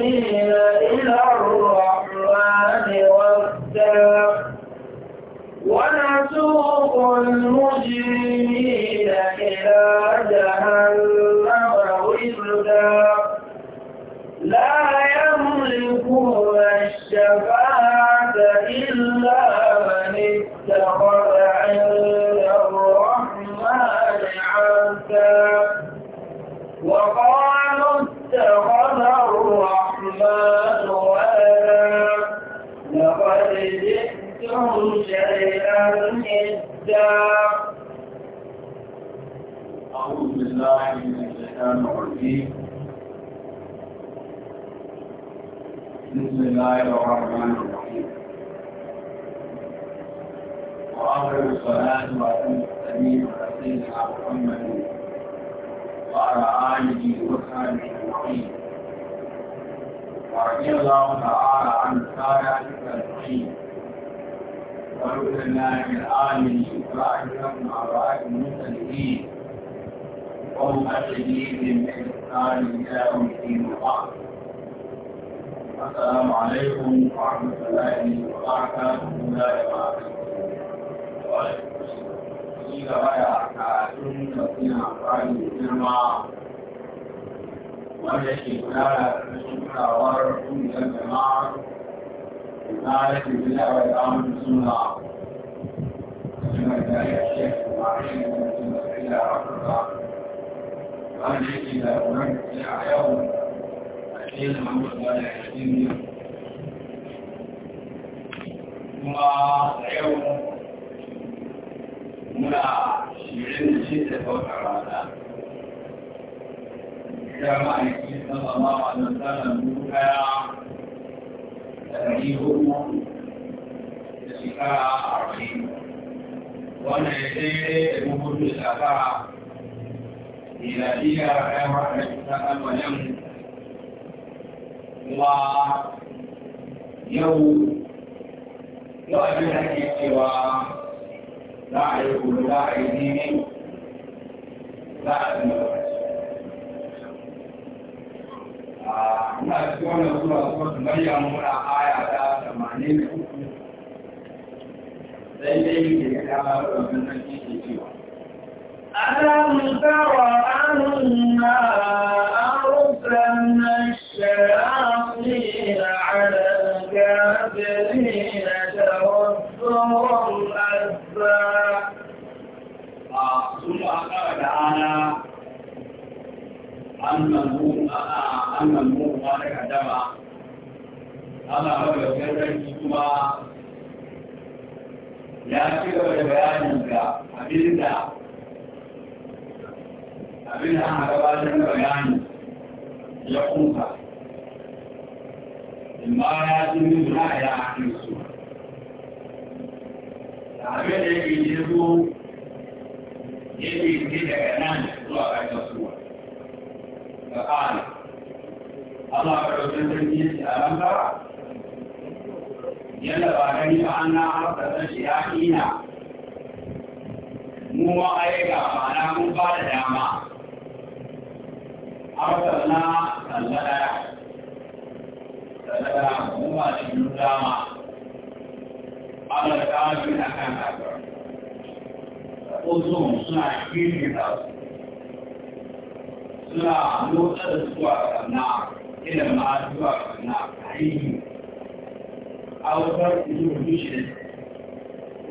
العالمين النار الآمن راحلهم أراك المسلمين ومؤكدين من إحسان إلى يوم الدين السلام عليكم ورحمة الله وبركاته لا يبارك shi gaba da karatun da suna amfani girma wanda ke 妈，还有我们的新新的小车了呢！你家万一爸爸妈妈要三万五开啊，那能行吗？这车啊。wannan ya daidai da dubu biyu da a miladiya ya mara ta alwanin yau yau abin da ke cewa za a yi kulu za a yi dini za a yi A ah, Ina cikin wannan sura kuma su mariya muna aya ta 83 ألم تر أنا أرسلنا الشياطين على الكافرين تردهم أسفا ثم أخبر تعالى أن المؤمن أن المؤمن قال أما هو يكذب ya ci gaba da bayanin da abin da abin da ana gabatar da bayani ya kusa amma ya ci min da ya haɗe su abin da yake ji zo yake ji daga nan zuwa ƙarshen suwa ga ƙara Allah ka ɗauki sarki a nan ba yadda ba gani ba an na da shi ya ina mu ma ayyuka ba na mun ba da dama haka na tsalladaya tsalladaya mu ma shi yi dama Allah ta yi na kan harkar ƙusun suna kiri da suna nuna da zuwa kanna ilimin zuwa kanna a yi أو فرق المشرك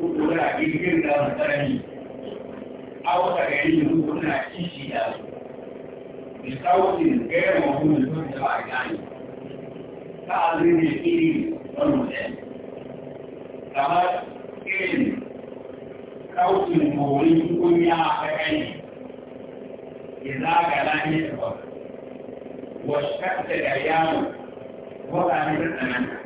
وكل عقيد كل مثلا أو تغيير كل عقيد بصوت غير مفهوم الفرق العقيد تعظيم الدين والمسلم كما إن صوت المولد كل عقيد إذا كان يتفق واشتقت الأيام وقع من الأمانة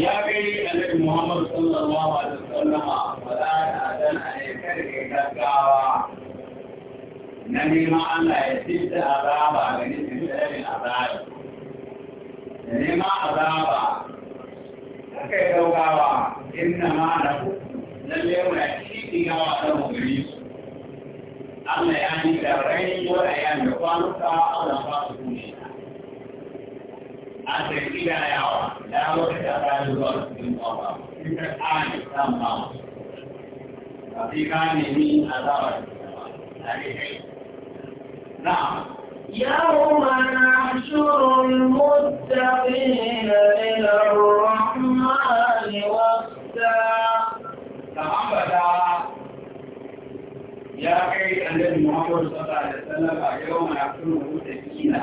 يا بني النبي محمد صلى الله عليه وسلم فلا تأذن عليك الكعبة نبي ما أن لا يسد عذابا من سبيل العذاب نبي ما عذابا كيف يوقعوا إنما نقول لم يكن يكفيك وعلم بريس أما يعني كالرين ولا يعني قالوا فأنا فاسقوني أن إلى يوم لا مستقبل في الأرض في الآن تمام ففي كان من أثار نعم يوم نحشر المتقين إلى الرحمن وفدا تعبدا يا أيها النبي محمد صلى الله عليه وسلم يوم نحشر المتقين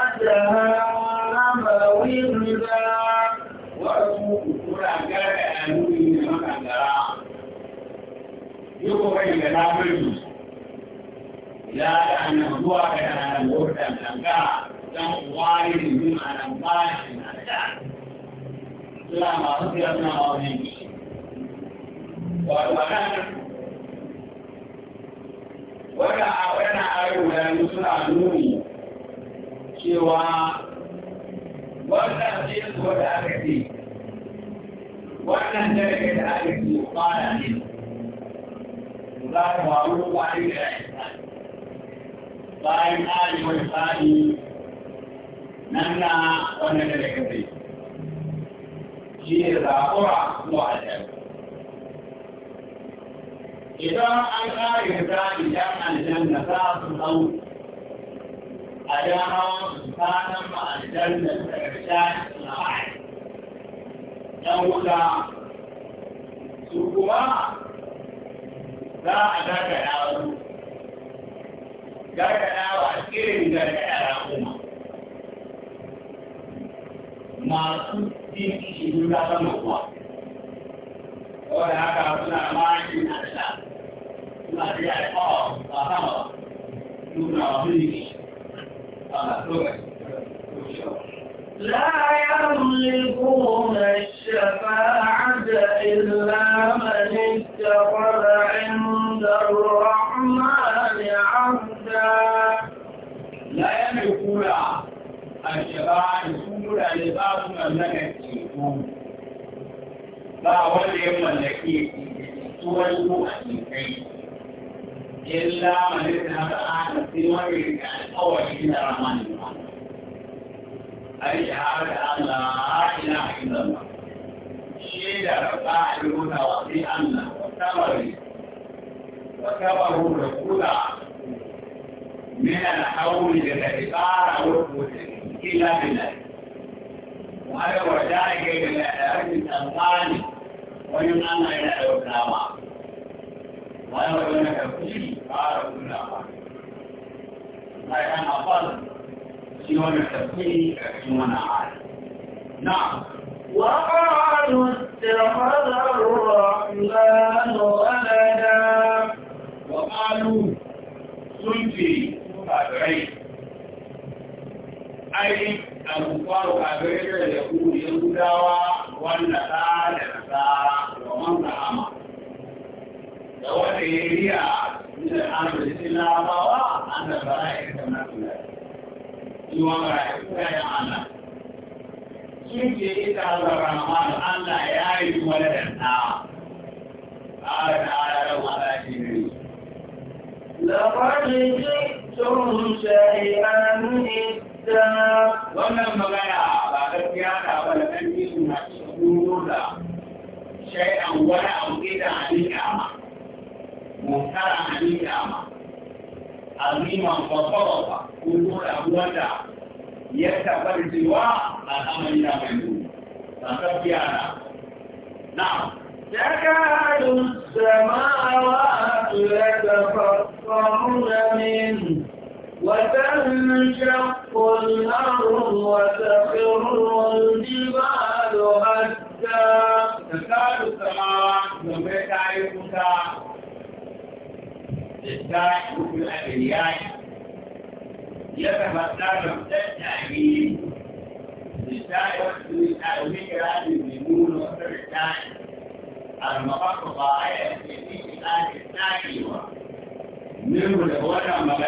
جهنم وردا وأسوكرا كاكا أنوني مكاكرا يقول لك لا بد لا أن هو كان وردا لنكا كان وارد من أنباء لا ما رضينا عليه وأنا wata a wani ayo da yanzu suna nuni cewa wannan ne kuwa da aka ce wannan daga da aka ce kwana ne za ta faru kwari da ya bayan tsari wani tsari nan na wannan daga kare shi ne zaɓura zuwa ajiyar idan an ƙari da tsari yan aljanna za su zau أداها سلطانا مع الجنة الإحسان الأعلى لولا سوقها za a gargaɗa wasu gargaɗa wa irin gargaɗa da kuma masu jin shi za ta makuwa wadda haka suna maki a suna da ya kawo ba sama ba nuna wa hulki لا يملكون الشفاعة إلا من اتخذ عند الرحمن عبدا لا يملكون الشفاعة سورة لباس مملكة ba wanda ya mallake su wani ko a cikin إلا من اذهب عن سوى أو عند الرحمن الرحيم أي شهادة أن لا إله إلا الله شيد الرقاع المتوصي أن وكبر وكبره الركود من الحول للإقارة والمسلمين إلا بالله وهذا وذلك بالأدب الثاني ومن أن إلى الإسلام وأنا بين كفيل قال كل أي كان أفضل سوى التفكير كمن أعاد نعم وقالوا اتخذ الرحمن ولدا وقالوا سلفي كافرين أي الكفار كافرين يقول يهودا والنصارى النصارى ومن زعمه da wata yariya da amincin labawa an da bara'i da nafiya yi wa bara'i kayan Allah sun ce ita da rahman Allah ya yi wani da ta ƙara da ayarar wala shi ne لقد جئتم شيئا إدا wannan magana ba gaskiya ta ba da kan yi suna cikin nuna shay'an wani kara halitta ma aziman fasarawa ko dora wanda ya tabbar cewa al'amari na mai nuni sannan biyana na تكاد السماوات يتفطرن منه وتنشق الأرض وتخر الجبال هدا تكاد السماوات يتفطرن منه للساعة كل الأبرياء يتمثل بالتعبير للساعة وكل الأبرياء المؤمنون والسرطان المقصة آية في الآية الثانية منه لغوة مغنى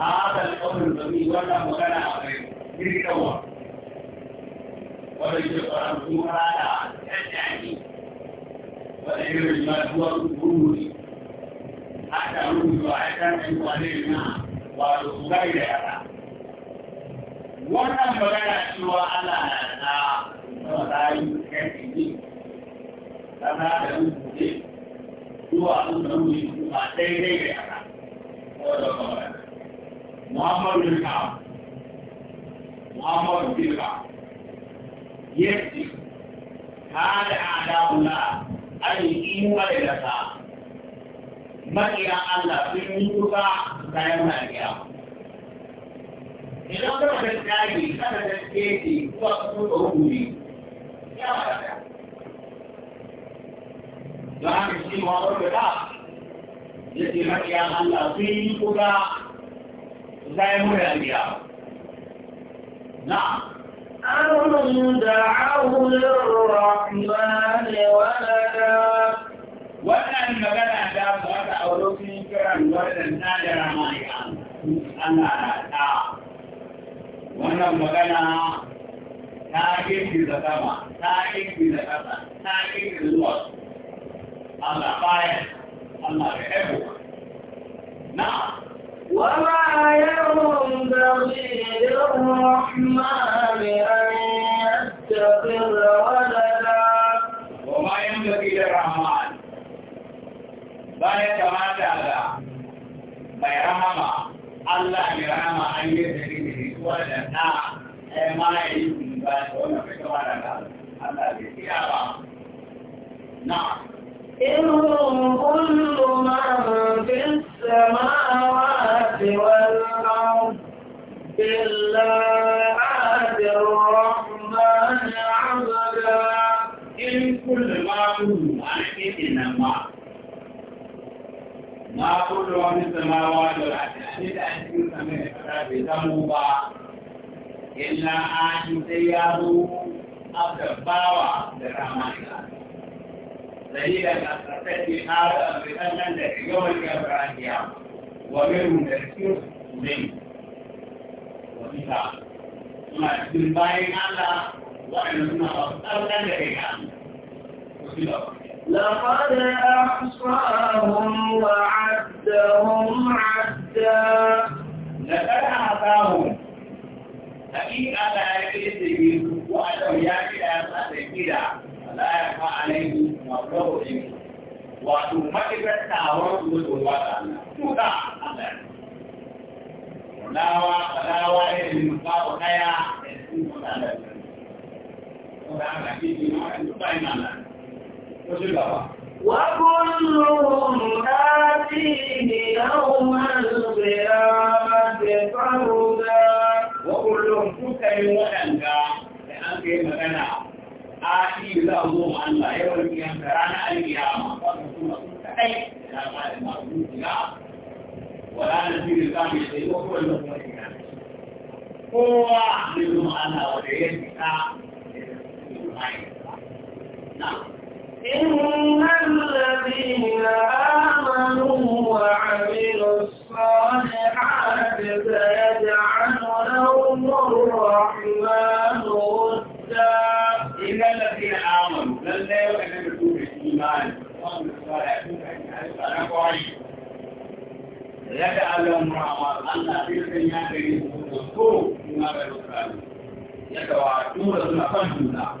هذا الأمر الذي ولا مغنى في الكون وليس قرآن سورة على التعبير والعلم المدور الظهوري aka rubuta a kan ɗanwane na wato gai da yara. Wannan magana cewa ana na sama tsari kan ɗini, sana da rubuce, zuwa sun rubuce kuma daidai da yara. Wadda kawai. Muhammadu Bilka, Muhammadu Bilka, yadda, kada a damuna, an yi imuwa da yasa. maƙiya Allah sun yi kusa bayan maƙiya. Idan kuma da tsari kada da tsari kuwa kuma da rukuni, ya wata. Don haka shi ma wata da ya ce maƙiya Allah sun yi kusa bayan maƙiya. Na. أَوْلَمْ دَعَوْا لِلرَّحْمَنِ وَلَدًا wannan magana da ba ta auro sun kiran waɗanda da ramaya Allah na ta wannan magana ta girgiza sama ta girgiza ƙasa ta girgiza zuwa Allah bayan Allah da ebo na وما ينبغي للرحمن أن يتخذ ولدا وما ينبغي للرحمن ba ya kamata ga mai rahama Allah mai rahama an yi da ne da kuwa da na ai ma ya yi kun ba da wannan bai kamata ga Allah bai tsira ba na إنهم كل من في السماوات والأرض إلا آت الرحمن عبدا إن كل ما هو عن إنما ما كل من السماوات والأرض أن أنتم سمعت بذنوبا إلا أن تيابوا أبدباوا لرحمن الله دليلا أستطيع هذا بأن يوم القيامة ومنهم تذكير منه وكتاب ثم تذكير باين الله وأن الله أبدا لرحمن الله لقد أحصاهم وعدهم عدا لقد أعطاهم حقيقة لا يكذب وأنه يأتي أساس كده لا يخفى عليه مبلغ علمه wato matuƙar tawon zuwa wa ɗana tuka a ɗana lawa lawa irin babu ɗaya da su ɗana da su ɗana da su ɗana da su ɗana da su ɗana وكلهم آتيه يوم القيامة فردا وكلهم كتب وأنت لأنك مكانا آتي له أن لا يوم القيامة رانا القيامة فكلهم كتب لا قال المعبود لا ولا نزيد الكامل شيء وكلهم كتب هو منهم أن لا وجه يدك نعم إن الذين آمنوا وعملوا الصالحات سيجعل لهم الرحمن ودا إن الذين آمنوا لن لا يؤمنوا بالإيمان وعملوا الصالحات سيجعل لهم الرحمن الله في الدنيا كريم وذكروا بما بلغ يتوعدون الخلق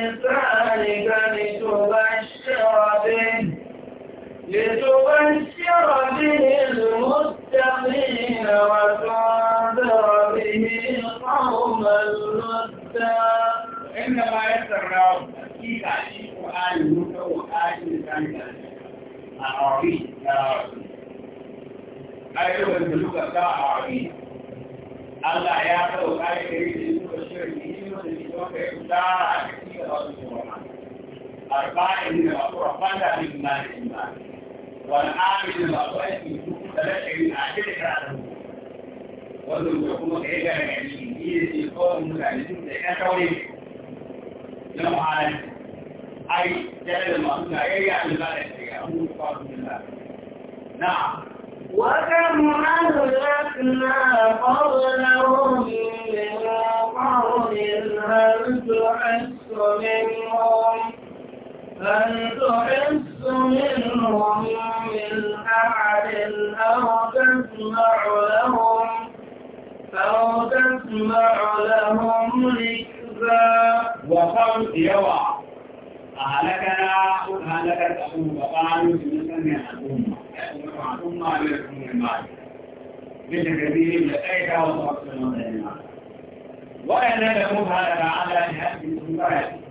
لتبشر به المتقين وتنذر به القوم اللدى إنما يسرناه أكيد عليه القرآن المتوى آجل كان العربي أيضا بلغة العربي Allah ya kawo kare gari da yin da shirin da yin da yin da yin da a cikin da wasu shawara. Arba'in da wasu rafanda min ma da imani. والعامل المعصوم تلاشي عشان كده وزن يقوم بإيجا يعني إيه يقوم متعلمين كان كوني لو على أي جهل المعصوم أي يعني لا يستطيعون فاضل الله نعم وكم أهلكنا قبلهم من قول هل تحس منهم فلتحس منهم من أحد أو تسمع لهم أو تسمع لهم ركزا وقل يوى أهلكنا أهلكت أبوك قالوا جنسنا الأمة الأمة الأمة لكم المال بالكثير لأيك وصفت من ذلك وأنا لكم هذا على جهة سنبرتي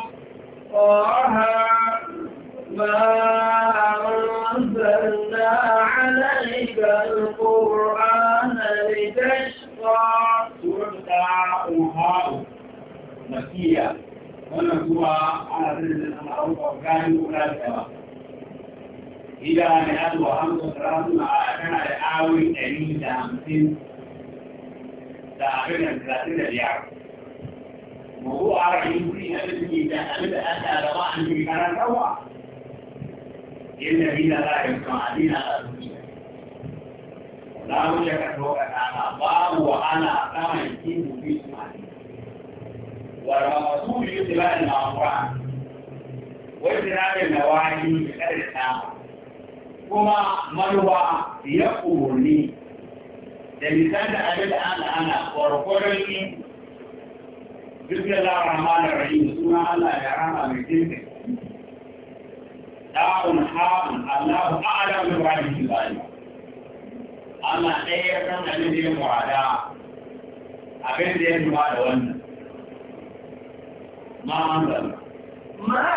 طه ما أنزلنا عليك القرآن لتشقى سورة أوهاو مكية wannan kuma ana sanin da ana abubuwa gani guda da yawa ida mai azu a hamsin karatu na tana da awi ɗari da hamsin da abin da talatin da biyar موضوع عربي يقولي هذا اللي تأمل أتى رضاء في كلام توا إلا بنا لا يبقى علينا لا وجهك فوق أنا باب وأنا كما يتم في إسماعيل والرسول يتبع المأمورات واجتناب النواهي بقدر السامة كما منوى يقولني da lisan da abin da بسم الله الرحمن الرحيم سنة الله يا رحمة بكيفك داء حاء الله أعلم بمراده الظالم الله لا يفهم أن دي مرادا أبين دي مرادا وانا ما أنزل ما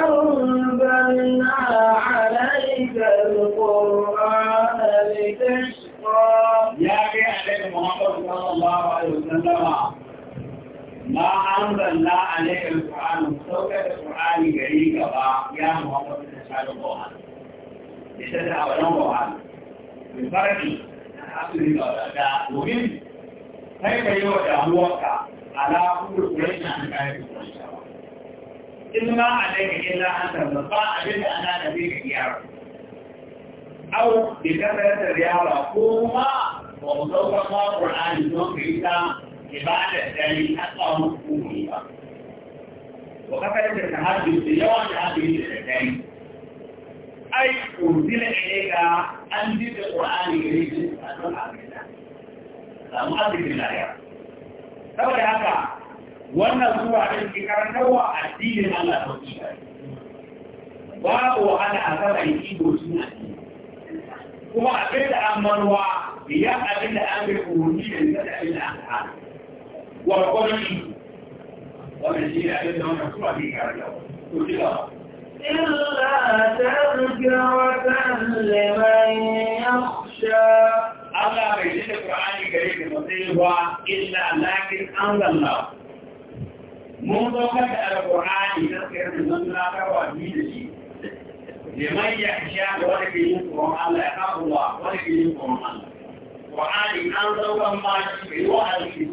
أنزلنا عليك القرآن لتشقى يا أخي عليك محمد صلى الله عليه وسلم ما الله عليك القرآن مستوكة القرآن غريك يا محمد تشعر القرآن لتسعى ولو قرآن بالفرق أصل مهم كيف يوجد الوقع على كل قريش عن كائن قريش إن ما عليك إلا أن تبقى أجل أنا نبيك يا رب أو بكثرة الرياضة كوما ومسوقة القرآن سوكة ibadar dare a tsawon hukumi ba wa kafa da tahajjud da yawan tahajjud da dare ai unzila ilayka an ji da qur'ani gare shi a don abinda samu azikin lafiya saboda haka wannan zuwa din ki karantarwa addinin Allah sauki babu wahala a saman ido suna kuma abin da an marwa biya abin da an bai umarni da abin da an hana والقمح ومن شيء أعلم مشروع في كذا إلا تذكرة لمن يخشى الله بيجيش القرآن الكريم المصير هو إلا لكن أنزل الله منذ قد القرآن تذكرة لمن لا تروى دين لمن يخشى ولكن ينكر الله يخاف الله ولكن ينكر الله Qur'ani an saukan ma shi bai wa'azi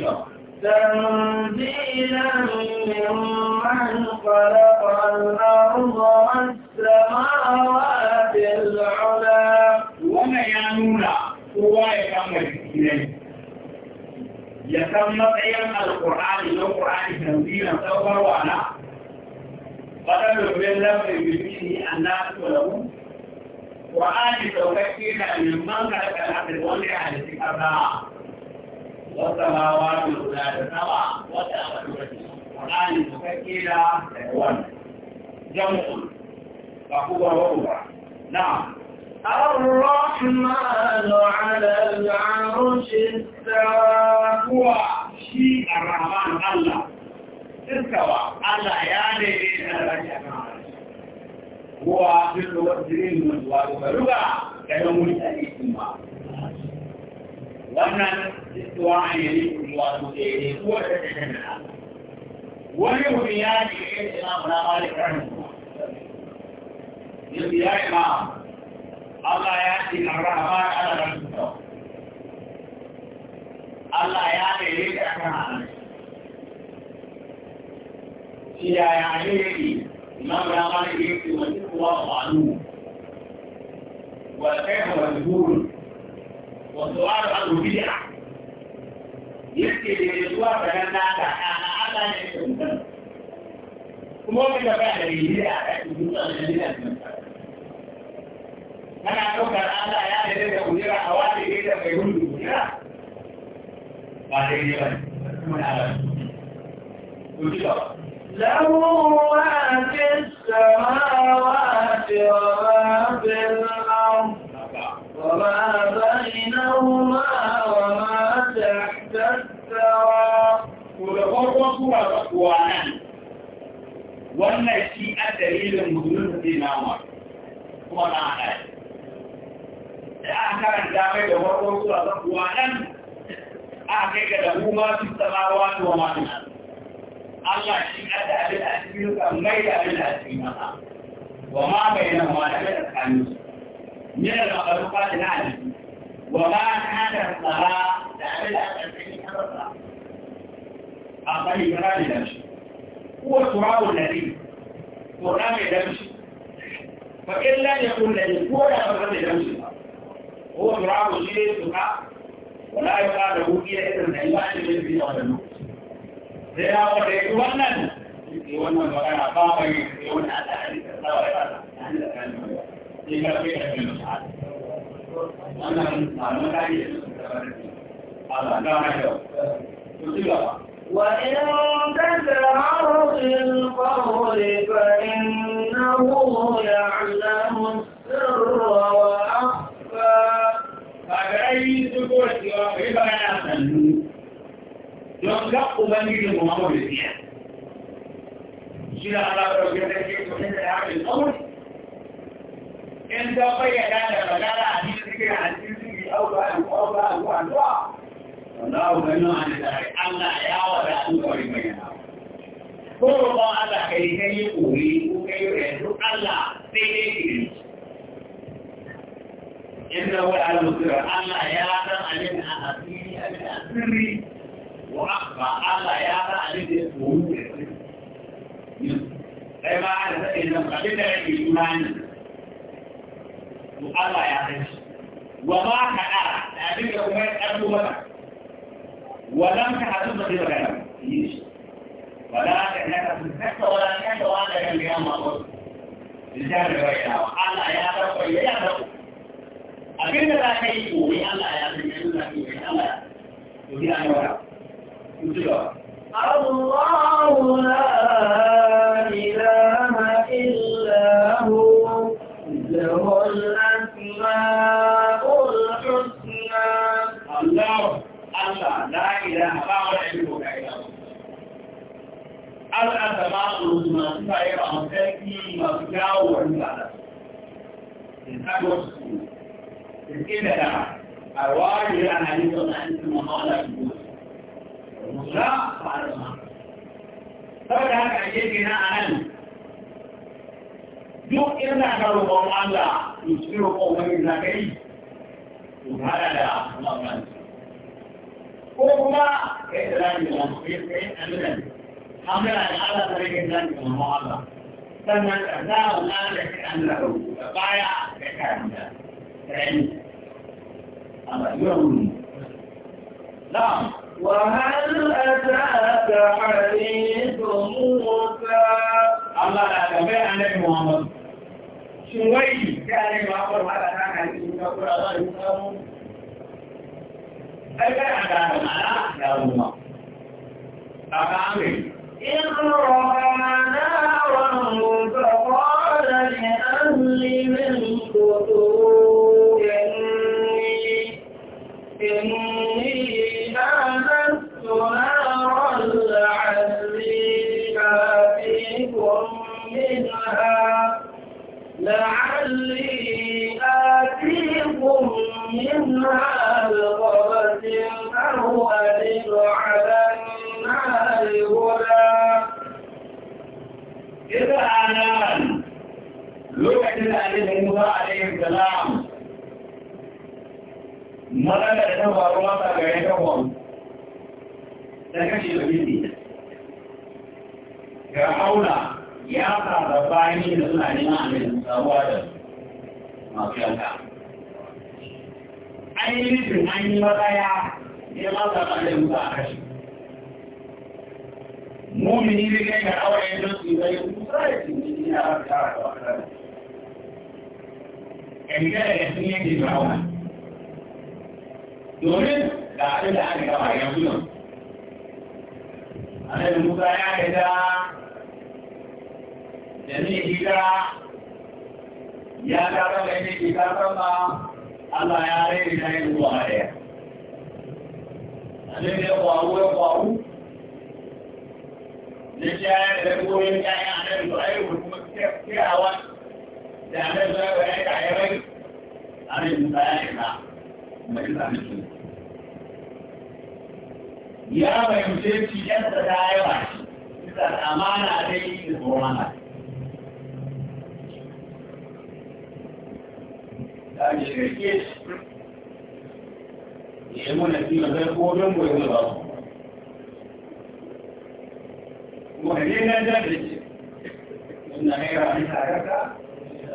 da تنزيلا ممن خلق الأرض والسماوات العلى وما ينونا هو يكمل إليه يسمى قيام القرآن لو قرآن تنزيلا سوف وانا بدل من لم يبنيه الناس ولهم وآل توكيل من منطقة الأرض الوضع للكبراء والسماوات الأولى سوا وآل توكيل الوضع جمع فهو هو نعم الرحمن على العرش استوى هو شيء الرحمن الله استوى الله يعني الرحمن هو في الوزرين من وارغلوغا كانوا ملتزمين wannan istuwa ne ne wato da ya ko da ta tana wani wuri ya ne ya ce na muna malik rahim yanzu ya yi ma Allah ya ce arrahman ala rahim Allah ya ne ya ce akan halin shi ya ya ne ya ne إمام الأمر يكتب وجهه وضعه والكيف مجهول والسؤال عنه بدعة يكتب للإسواء فلن نعدى أنا أنا يكتب وممكن تفعل البدعة يكتب البدعة kana ɗaukar Allah ya da daga kujera a wata ne da mai hudu kujera ba da yi ba ne kuma na ba. Kuci ba. له ما في السماوات وما في الأرض وما بينهما وما تحت الثرى ولقرب سورة أخوانا wannan shi a dalilin musulun da namar kuma na haɗari da aka karanta mai da warwar zuwa zafuwa nan aka kai ga damu masu tsarawa da wa masu nan Allah shi kada abin a cikin ka mai da abin a cikin masa wa ma bai na ma da abin a tsakanin su ne da makaruka da na jiki wa ma ta da tsara da abin a tsakanin kansa a bari kana da damshi kuwa turawo da ne kura mai damshi fa illa ya kun da ne ko da ba mai damshi ba ko turawo shi ne tuka wala ya ka da wuki da irin da ya ba shi da ya fi da wannan sai ya wata yi wannan yi wannan magana ba ba yi yi wani ala hadisa sa wa ya hadisa kan yi sai ka fi da kan shahada wannan malaman kai da su da wani Allah ga mai da su ci gaba وإن تجهر بالقول فإنه يعلم السر وأخفى فأي سكوت وغيبا يعلم don ga ubangijin kuma mu da biya shi da Allah ta ga take ko ne da harin amur in da bayyana da magana a cikin cikin hadisi bi auka an auka an auka wallahu banu an tare Allah ya wada an kori bayyana ko ba Allah kai kai kuri ko kai yanzu Allah sai dai kiri inna wa ala musira Allah ya san alin a asiri alin asiri وأخبر الله يا رأيك ومولك أي ما أعرف إذا قدر الإيمان الله يا رأيك وما كأرى أبيك أمين أبو مدى ولم تحدث في مكانه ولا تحدث حتى ولا تحدث ولا تحدث بها مقصود لجانب غيرها الله يا رب يا رب أبيك لا تحدث الله يا الله لا إله إلا هو له الأسماء الحسنى الله الله لا إله ما هو العلم الأسماء الحسنى سائر أمسكي مبكى وإنسانة إنسان وسكين إنسان أرواح إلى أن يصنع إنسان مهالا يقول لا فعلها saboda haka a gefe na a nan duk ina ka roƙon Allah to shi roƙon wani za ka yi to hada da wannan ko kuma kai da zaki da kai kai annan amara da Allah sai kai zaki da mu Allah sannan ka da Allah da kai Allah da baya da karanta kai amma yau na'am وهل أتاك حديث موسى الله لا تبع عليك محمد شوي يعني ما أقول هذا كان حديث أقول هذا يسلم أجل أدانا معنا يا الله أقامي إن ربنا salam magana da ta faru masa ga ya ta faru ta kashe da bibi ga aula ya fara bayani da suna neman amin sabuwa da masu yanka an yi nufin an yi matsaya ya masa ɓalle musa a kashe mumini zai kai ga aure don su yi zai musa ya cikin yana kara da wakilai الرجال يحمية الفرعون domin da abin da aka gaba yanzu nan annabi musa ya gaida da ne hira ya gara da yake ke karfan ba Allah ya rai da yin ruwa a daya annabi ya kwaru ya kwaru na shi ya yi da goyon ƴaƴan annabi su ayyuka kuma kirawa da annabi ya ga ya ya bai annabi Musa ya shiga mai da shi ya bayyance shi yan da ya yi ba shi da amana dai da tsoron da shirke shi ya muna fi mazar kodin goyi na babu kuma ne na jajirce suna naira a karka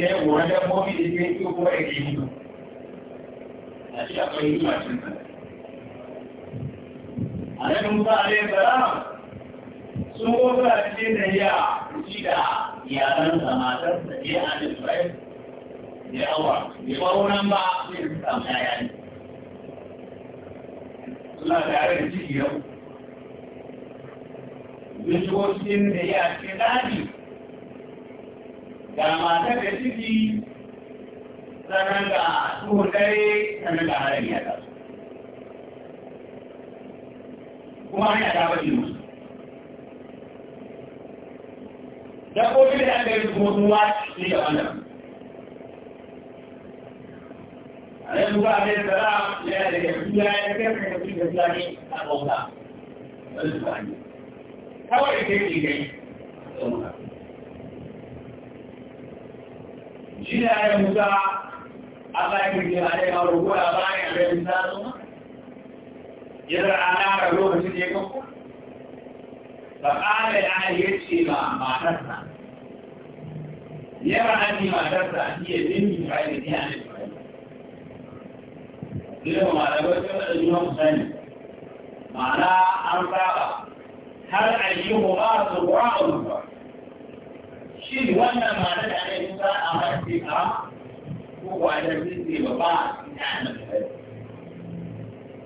biyar gobe dabbobi da ke yi ko ya ke yi a shi akwai yi mashin sa a nan musa a yin sun gosa cikin da ya shi da yaran sa matar da ya a da isra'il ya awa ya baro nan ba sai su samu yaya ne suna tare da ciki yau sun shigo cikin da ya cikin daji ga matar da ciki sannan ga tuhun dare sannan ga harin ya ta kuma hanya ta bace musu dabbobi da aka yi kuma sun wace ne da wannan a yanzu ba a yi tsara yana da yafiya ya kai ka yafi da zane a bauta wani su ba ne kawai da ke ne kai shi da ya musa Allah ya kirki a ɗaya ma rubuwa a bayan da ya musa zama yadda ana ga lokacin da ya kanku ba ƙara ya ya ce ma matarsa yara an yi matarsa iya zini ba ya ne a ne ba ya ma da ba ta da juna musani ma'ana an saba har ayyuhu ba su ba'a ba shi wannan mata da ake kusa a mafi a kuwa da zai ba ba a cikin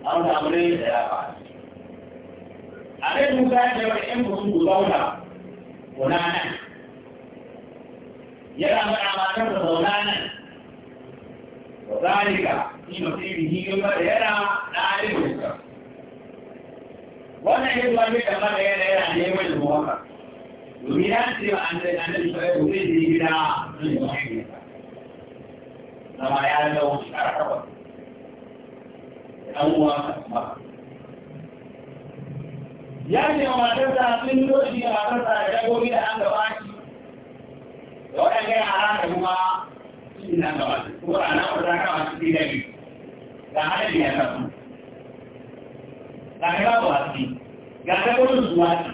an samu ne da ya ba a dai musa ya ce wani yan kusu ku zauna kuna nan yana faɗa matar da zauna nan wa zalika shi masiri hiyar da yana ɗalibinsa wannan yin wani da mara yana yana neman da muhammad domin ya ce wa an zai annabi sai ko zai je gida amma ya ga wani shara kaba dan uwa ba ya ce wa matar sa sun doshi a matar sa da gobe da an gaba shi da waɗanda ya hara da kuma shi nan gaba ko ana kwata kama shi da bi ga hada da ya kasu ga ba ba ga ta gudun zuwa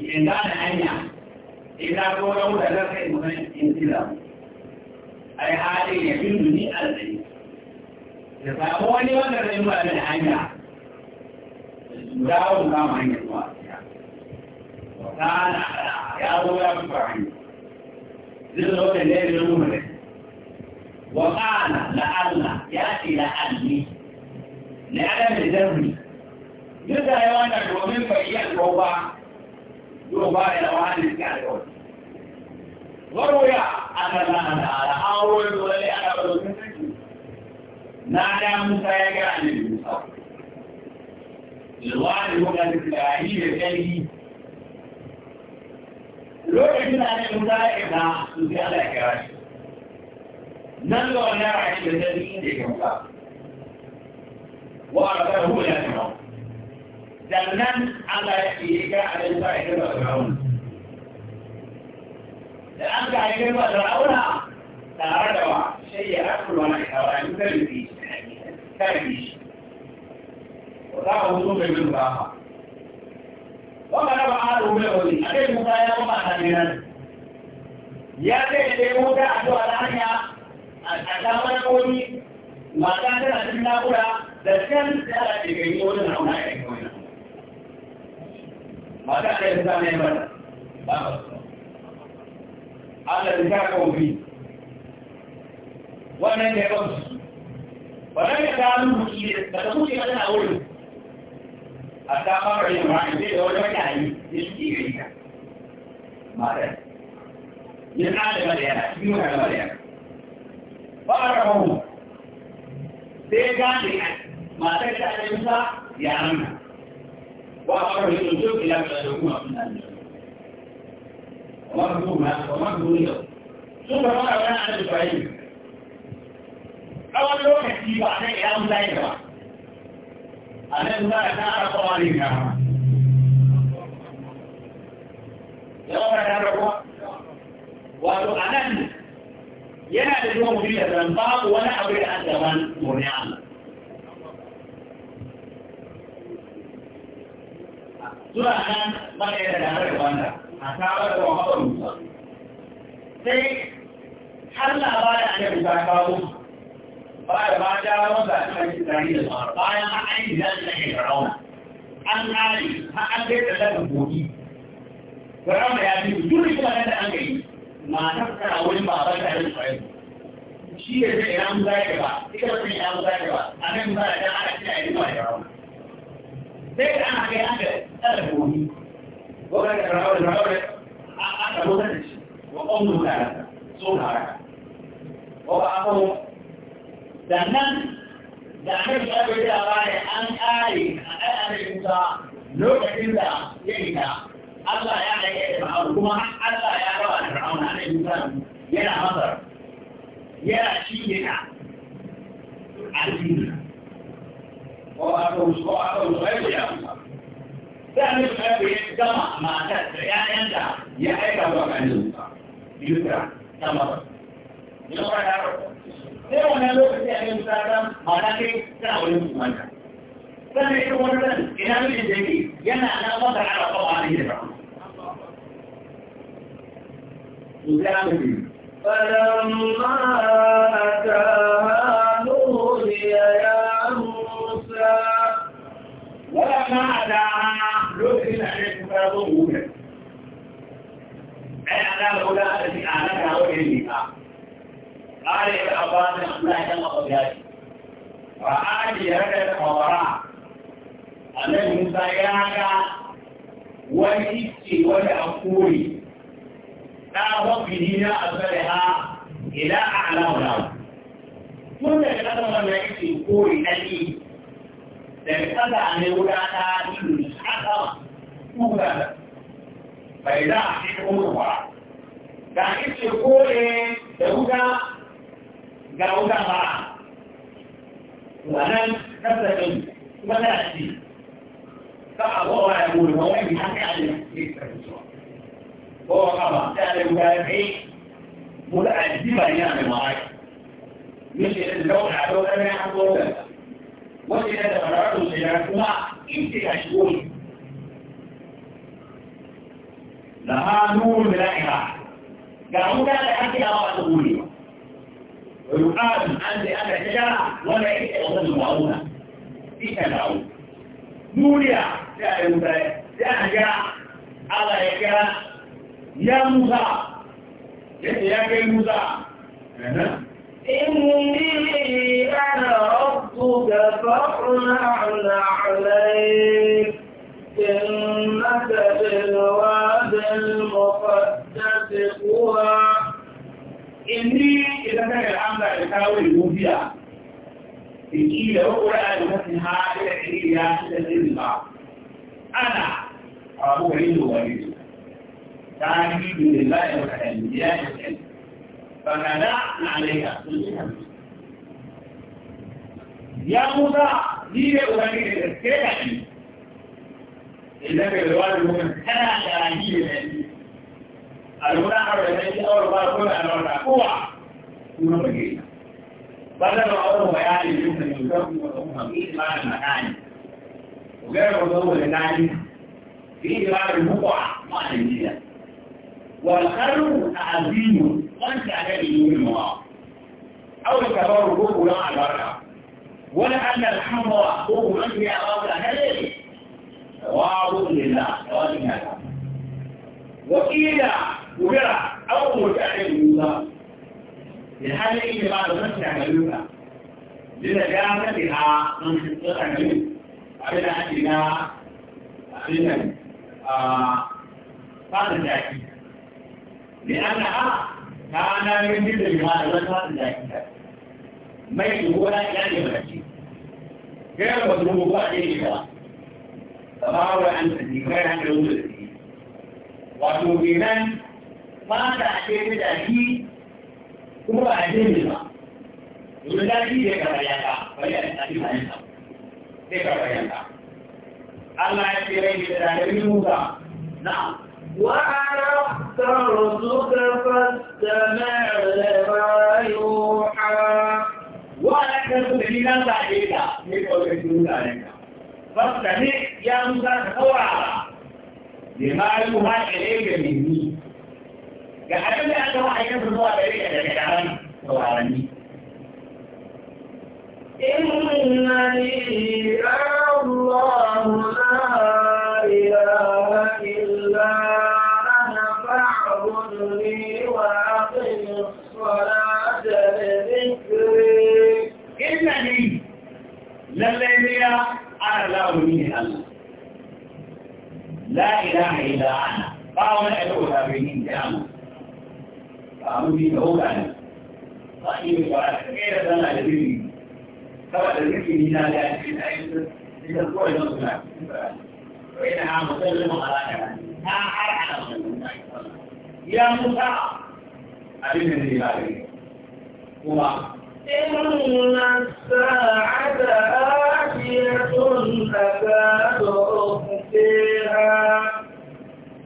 idan gane hanya idan ko da wuta da kai mun in tila ai hali ya bin duni alai ya samu wani wanda zai ba da hanya dawo ga hanya kuma kana ya zo ya ba hanya zai zo da ne da mu ne wa kana la'alla ya ila alli la'alla bi dhanbi Yadda yawan da domin bayyana ko ba لو عندي كان يقول وروي أن الله تعالى jangan nan ketika ada ce ga Allah ta yi da ada orang an ga yi da Fir'auna tare da wa sai ya rasu wani kawai da rubi kai za a hutu mai bin ba wanda na ba ya kuma muka nan ya ce da ya mutu a zuwa da hanya a kamar wani mata tana cikin na'ura da kau. da ala ke ما كان الإنسان هذا الإنسان شاركوا فيه وأنا يقص ولم يزالوا مسؤولين فتقول أنا أقول حتى قرر المعلمين ولم يعني يسجيك ماذا؟ من عالم اليانا من عالم اليانا فأرهم سيجاني ماذا كان يمسى يعلمها وأقرب الوجوب إلى ما يكون في الأمر ومرجوها ومرجوها ثم رأى عن الفعيل أول لوحة في بعدين يا أم لا يجرى أنا ما أعرف قوانينها يوم تعرفها وأنا أقول لك zuwa mutum da zan babu wani abu da an gaban murni Allah suna nan matsayin da dare da wanda a tawar da wanda musa sai har labarin an yi musa kawo ba da ba da wanda a cikin tsari da tsara bayan an an yi zai da ke rauna an kare har an kai da daga gobi rauna ya fi duk da da an gani matar tana wurin babar da ya tsaye shi ya zai ya musa ya ba ita zai ya musa ya ba a nan musa da ta ana cikin aiki ba da rauna sai da ana kai an gari تلفوني وكان الرعاوة الرعاوة أنت مدرس وأمه كانت صوت حركة وأخوه دانان دانان شابه إلى غاية أن آري أن آري موسى لوكتين دا يجينا الله يعني يتبعون كما الله يعني رأى فرعون عن الإنسان يرى مصر يرى شيئنا عزيزنا وأخوه وأخوه غير يا موسى يعني في جمع ما تسر يعني أنت يحيك الله عنه يسرع تمر يقرأ يعرف لو أنا لو كنت أعمل مساعدة ما تكي سأقول لكم ماذا فأنا يقول لنا إنه من الجميل ينا أنا أمضر على طبعا هنا فلما أتاها نودي يا موسى ولما أتاها lokacin da ana yin kuka zo mu wuce ai ana da wuta a cikin ana ka hawa yin nika ƙara yi a ba na suna yan maƙwabya ce ba a ji ya rada da kawara annabi musa ya ga wani ce wani a kore ta wabbini na azaliha ila a alamu tun daga ƙasar wannan yake kore ɗan daga ƙasa ne wuta ta bai za a cikin umurwa ga ice kore da wuta ga wuta ba wannan kasafin kuma na ci ta abuwa ya wuri ma wani haka a ne ko kama ta da wuta ya kai muda a ji ba yana da ma'aiki yake da zaune a zaune na hanzo da wani da da fararun da ya kuma in ce ga shi wuri لها نور بلا إله قالوا لا أنت أرى تقولي ويقال أنت أنا شجرة ولا إيه وصل معونة إيش معونة نوريا يا موسى يا جرا على يا جرا يا موسى يا يا موسى إني أنا ربك فاصنع عليك ndị isa na-eke na na-eji na-eji na-eji na na dị de ihea ndị a aa ọụe idan ka zuwa da mutum kana da rahi da yanzu alwura a da yanzu awar ba ko da alwar da kowa kuma ba ke ba da ba awar bayani da yanzu ne ko kuma ko kuma ke ba da makani ko ga ko zo da nani fi da ba da muwa ma da jiya wal kharu azimu wanda ga da yi muwa aw ka ba rubu na albarka wala anna alhamwa ko kuma ya ba da hadari تواضع لله تواضع لله وقيل وقرا او متعلم موسى لهذا اللي بعد نفس عملوها لنجاستها من خطه عملوها قبل ان قبل بعد التاكيد لانها كان من جد المال بعد التاكيد ما يجوز ولا يعني غير مطلوب ولا يجوز سواء أن تذكر عن الوجود wato kenan ba ta ce ta dashi kuma ba a ce ne ba domin dashi zai karɓar yanka bari a tafi bayan sa zai karɓar yanka Allah ya ce rai da dalilin Musa na وأنا اخترتك فاستمع لما يوحى وأنا اخترتك لما تعيدها من قولك يوحى لك فاستمع يا موسى تقوى لما يوحى إليك مني كأنك أنت وحيدا تقوى إليك لك تعلم توعرني إنني أنا الله لا إله إلا أنا فاعبدني وأقم الصلاة لذكري إنني لا أعلمني الله لا إله إلا أنا أنا هذا قاوم أدعوها بمين جامع قاموا بي هو طيب، أنا صحيح وعلى غير ذلك لبيني طبعا الذكر هنا لا يمكن أن يذكر المصنع وإنها مسلمة على كلامه ها على مسلمة يا موسى أبن الرجال هو إن الساعة آتية أكاد أخفيها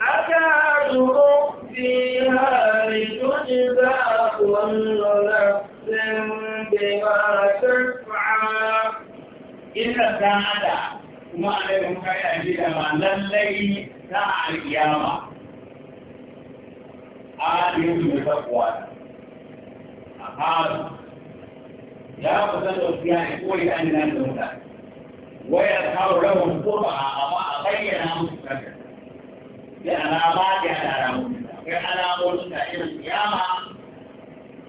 أكاد أخفيها لتجزى كل نفس بما تسعى إن الساعة kuma a daga muka yi aji da ba lallai za a alkiyama a yanzu mai takuwa a faru لا تزال فيها يقول أن لا تزال ويظهر لهم قطعة أما أبين مستقر لألامات الألام الألام تأتي القيامة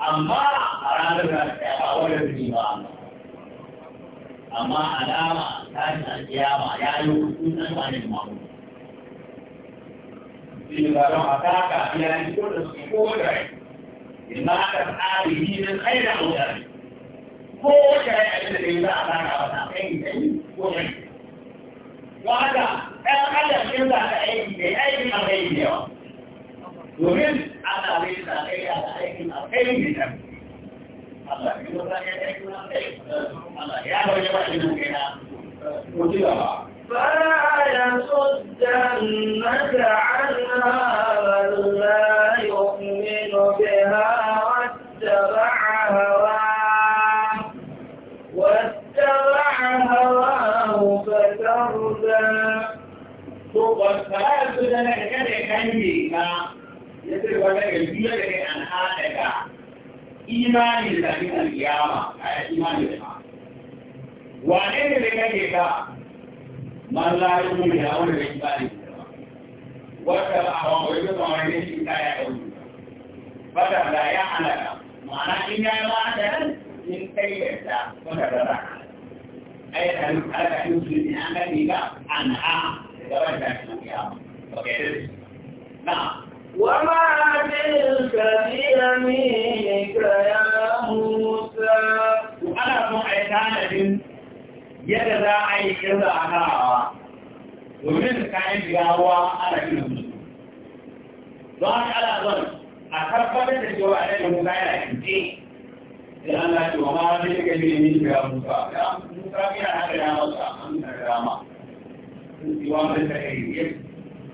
أما أراد القيامة ولا الإيمان أما ألامة تأتي القيامة لا يمكن أن يكون بالبرم أتاك إلى أن تكون الصفوة إما تفعل به من خير أو ذلك ko wacce ya da yi za a baka da aiki da yi ko ne. da haka da adam da za da aiki da aiki a kai da da Domin ana zai da kai da aiki a kai da yawa. Allah ya yi wata aiki na da Allah da bari da shi da kai na. Mutu da ba. Fara ya so dan nan imani da tafi alkiyama a yi imani da ta wane ne da kake ka mallaye mu da wani da imani da ta wata ba a wani wani wani ne shi kaya da wani fata da ya halaka ma'ana in ya yi ma'a da nan in kai da ta wata da ta ai da nan halaka yin su ne an gani ga an ha da wani da ta kiyama ok na وما بيمينك يا موسى وأنا معتانة yadda za a yi kirza a karawa domin kayan gawa ana gina musu don haka ana zon a tabbatar da cewa a ɗan musa yana kince da Allah ce wa ma zai shiga gini ne shiga musa ya musa yana haka dama su a hannun dama sun ci wa mai ta kai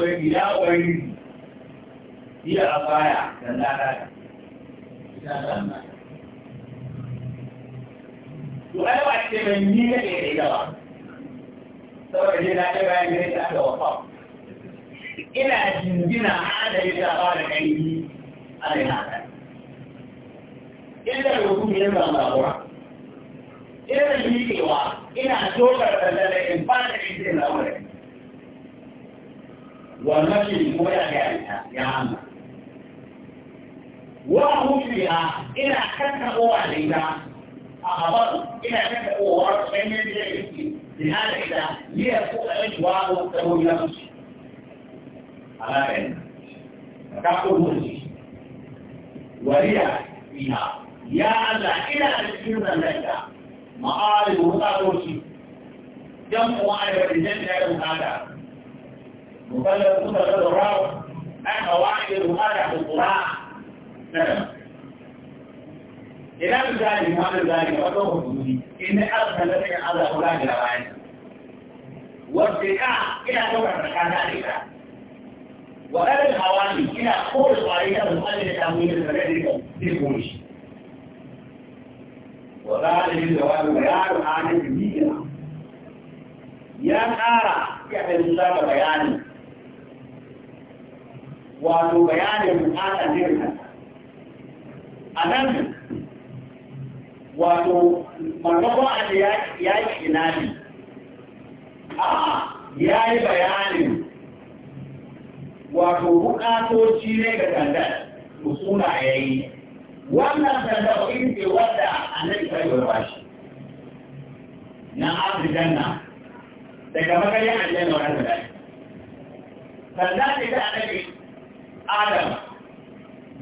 wani ya wani iya a baya da lalata ita lalata to ai ba ce mai ni ne da ita ba saboda ne na ɗaya bayan gare ta aka wafa ina jingina adali ta ba da ƙarfi a da na ta inda rubu ne ba ba ba ina miƙewa ina dokar da lalata in ba da ita na wani والمشي هو ذلك يا عم وهم فيها إلى كتبوا علينا أخبروا إلى كتبوا ورد من الجيد لهذا إذا ليكون إجوار وقته إلى مشي على فإن تقول مشي وهي فيها يا الله إلى تسلم لك مقالب وقته جمع معرفة الجنة وقاله مثلث مثلث الرابع أما واحد المرجع في القراء نعم إلى ذلك هذا ذلك وقوه إن أرسل لك على أولاد الأوائل والذكاء إلى نوع ذلك وهذا الحوالي إلى خلق عليها المؤلف تأويل المدرسة في الكويت وقال للجواب بيان عن الدنيا يا نارا يا الله بياني wato bayanin bukatar jirka a nan wato maimakon a ce ya yi inani a ya yi bayanin wato bukatoci ne ga sandar musuna ya yi wannan sandar ɗin ce wadda annabi sai ya bashi na afirkan na daga makariyar aljanna wannan sandar sandar ce ta annabi آدم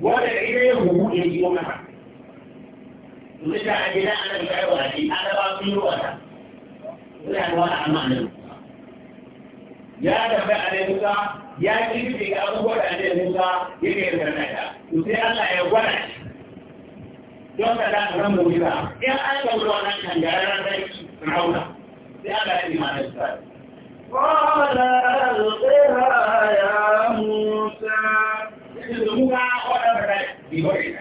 ولا إليه هو يجيب منها مثل عندنا أنا بتعب أجي أنا بصير وأنا ولا أنا وأنا أمان يا دفع عليك يا كيف تيجي أقول عليك يجي يتناجى وسي الله يقول don ka da ran mu jira in an ga wannan kan da ran da rauna sai Allah ya imani sai qala al-qira ya musa yanzu mu ga waɗanda ta yi da wani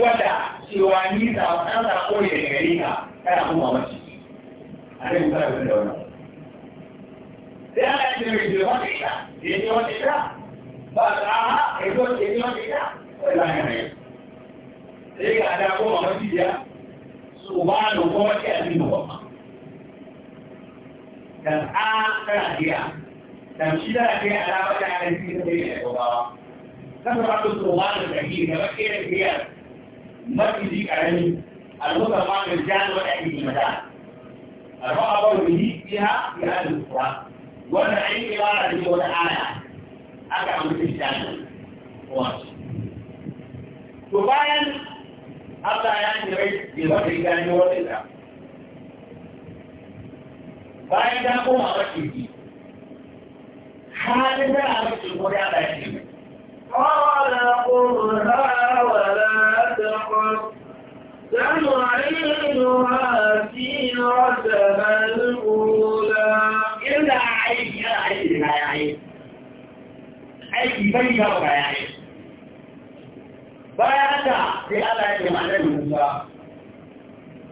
wada cewa ni da wata da ya gari ka, kana kuma mace. A zai kusa da wani. sai ana yi da wani ita ya ce wani ita ba a tsara ya zo ya ce wani ita wai ba ya mai sai ga da goma mafi ya su ba da goma ke a cikin goma dan a tana iya dan shi da ke alama ta ana cikin da ya goma kan ba su su ba da sahi da ba ke da biyar mafi ji karami al-musa ma da jani wa da ake mata al-ra'a ba wani fiha ya al-qur'an wannan an yi ba da wata aya aka amince da shi wasu to bayan Allah ya yi rai da wata gani wata da bayan ta koma wata ji halin da a wata ko da ba shi قال قلها ولا تخف سنعيدها سيرتها الأولى إذا aiki yana aiki da ya aiki aiki bai ya ba ya aiki bayan haka sai Allah ya ce ma annabi Musa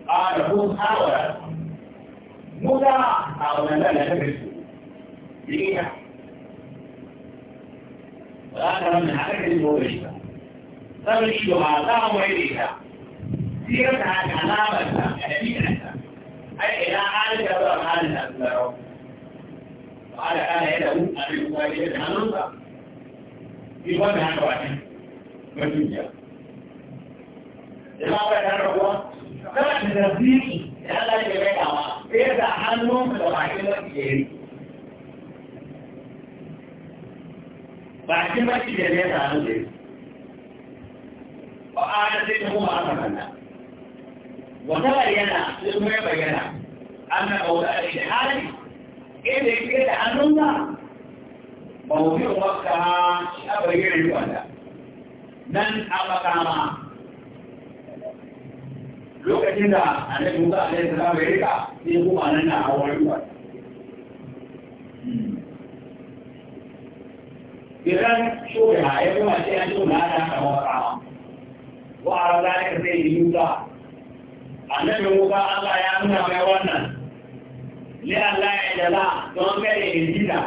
a da kun hawara Musa a wannan nan da kake so yi ka ba ka wannan haka ne ko shi ba sai shi ba za mu yi da sirta ta alamar ta da ni ta ai ila halin da ba halin da ba وقال هذا يده عن المقابلة تنانسا في وضع عن واحد مجوزيا إذا أردت أن أقول كان نزيل لأن ذلك بينهما إذا حنوا من الواحد الكبير بعد ما تجي لنا عن وقال سيدهم أرمنا وتبين لما يبين أن قول الإلحاد inda ya fiye da hannunka ba mu biyu maka shi a bayyana wanda nan a makama lokacin da annabi Musa alaihi salam ya rika sai kuma nan na hawan ruwa hmm. idan shobe ha ya kuma sai an tuna da kama makama wa a ranar da zai yi Musa annabi Musa Allah ya nuna mai wannan ko aláìlẹ́lá tó ń da ìdínà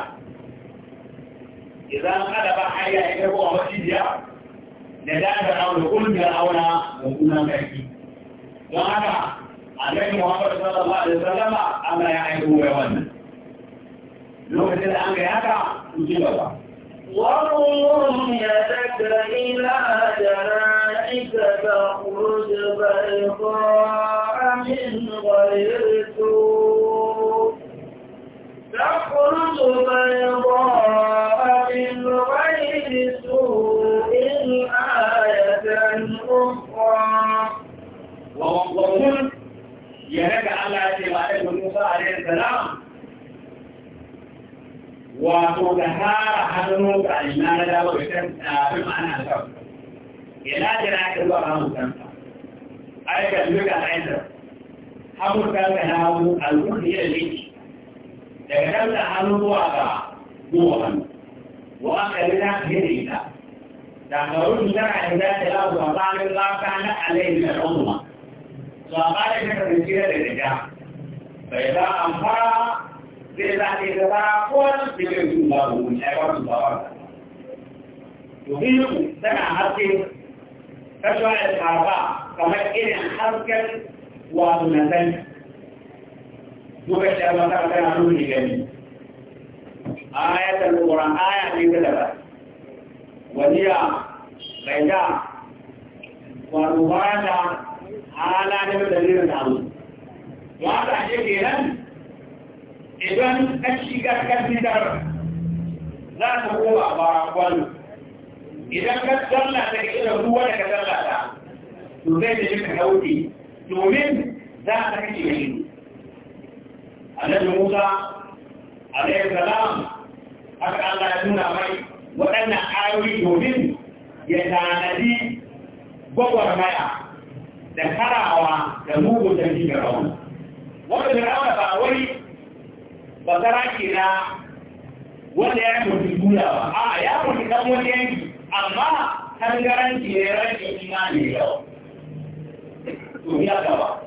ìzánkádàbà ayá ẹgbẹ́gbọ́ ọmọ sí ìyá nẹ̀dájà àwọn olùgbìyànwó wọn òkun náà mẹ́rin wọn ká àlẹ́yìn wọn bọ́ ìsọ́lọ́bà àlẹ́sọ́lọ́bà وَرُمُّ يَتَكْرَ إِلَى جَرَائِكَ فَأُرُجْ بَيْخَاءَ مِنْ غَيْرِكُمْ wato da hara hannu ga ina na dawo da kan tsarin ana kan ina da na karba hamu kan ai ga duka aida hamu kan ga hamu alƙur'ani da daga nan da hannu zuwa ga gohan wa aka yi na fiye da ita da ga rudu tana da ta lafi a tsarin lafa na alayi da al'umma su a tsarin da kasance da daga bai za a fara zai za ne da ba ko wani fiye su ba ku mun shaiwa su ba ba to biyu tana haske kashewa da tsarba kamar irin hasken wato na sani muka ce Allah ta kana nuni gani ayatul qur'an aya ne ta daga waliya baida wa rubana ala ne da dalilin da Allah ya ta ce kenan idan ka shiga kasidar za ta koma ba kwano idan ka tsalla daga irin ruwa daga tsalla ta to zai da shi ka dauke domin za ta kashe shi annabi Musa alaihi salam aka Allah ya nuna mai waɗannan ayoyi domin ya tanadi gwagwarmaya da karawa da mugun da shi gaba wanda da ba wani ba ke na wanda ya mutu duniya ba a ya mutu dan wani yanki amma tangaranci ne rashin imani yau to ya gaba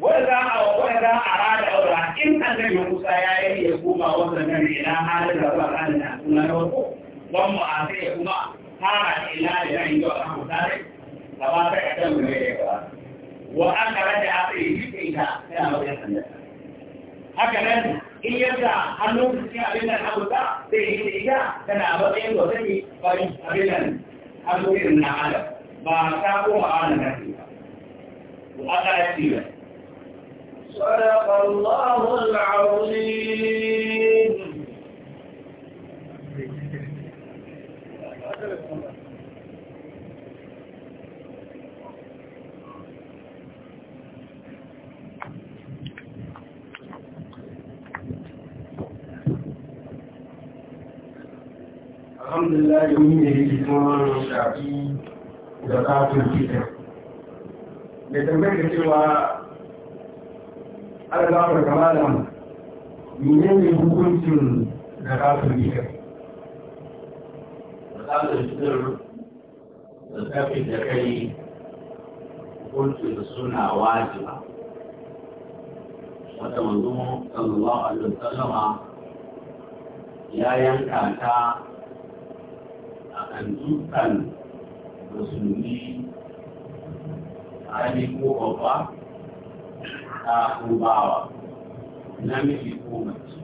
wanda a rada aura in annabi Musa ya yi ya koma wannan ila halin da ba halin da suna na wato wan mu a sai ya kuma fara ila da nan yau a kan tare da ba ta kadan mu ne ba wa an kara da a sai yi kai ta sai a wajen sanda haka nan in yadda hannun su cikin abin nan abu ta sai yi ta iya tana a matsayin da take bari abin nan hannun na alam ba ta koma alam na ce ba wa aka yi صدق الله العظيم الحمد لله يومين يجيزون شعبي da zafin fitar. Mai tambayar da cewa an gafar kamalan mene ne hukuncin da kafin gida kafin fitar da kafin da kai hukuncin suna wajiba wata manzo sallallahu alaihi wasallama ya yanka ta a kan dukkan musulmi hali ko babba ko bawa namiji ko mace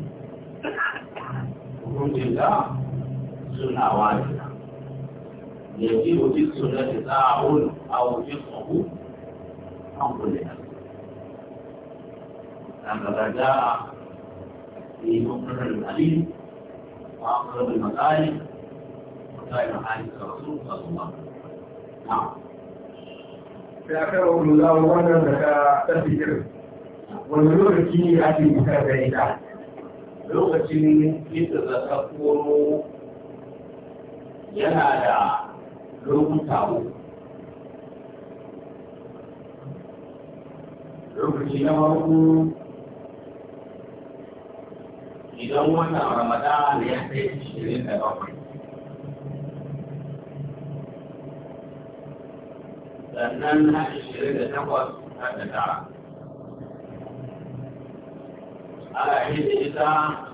hukuncin da suna wajina ya ji wajen suna da tsawon a wajen tsohu an kulle لما رجع في مقرر الأليم وأقرب المطالب وكان حالة الرسول صلى الله عليه وسلم نعم. في آخر أول الله وأنا لك تفكير wani lokaci ne ake fitar da ita lokacin yadda ta koro yana da lokuta lokaci na farko idan wannan ramadan ya kai shirin da bakwai sannan na ishirin da takwas har da tara ana yi da ita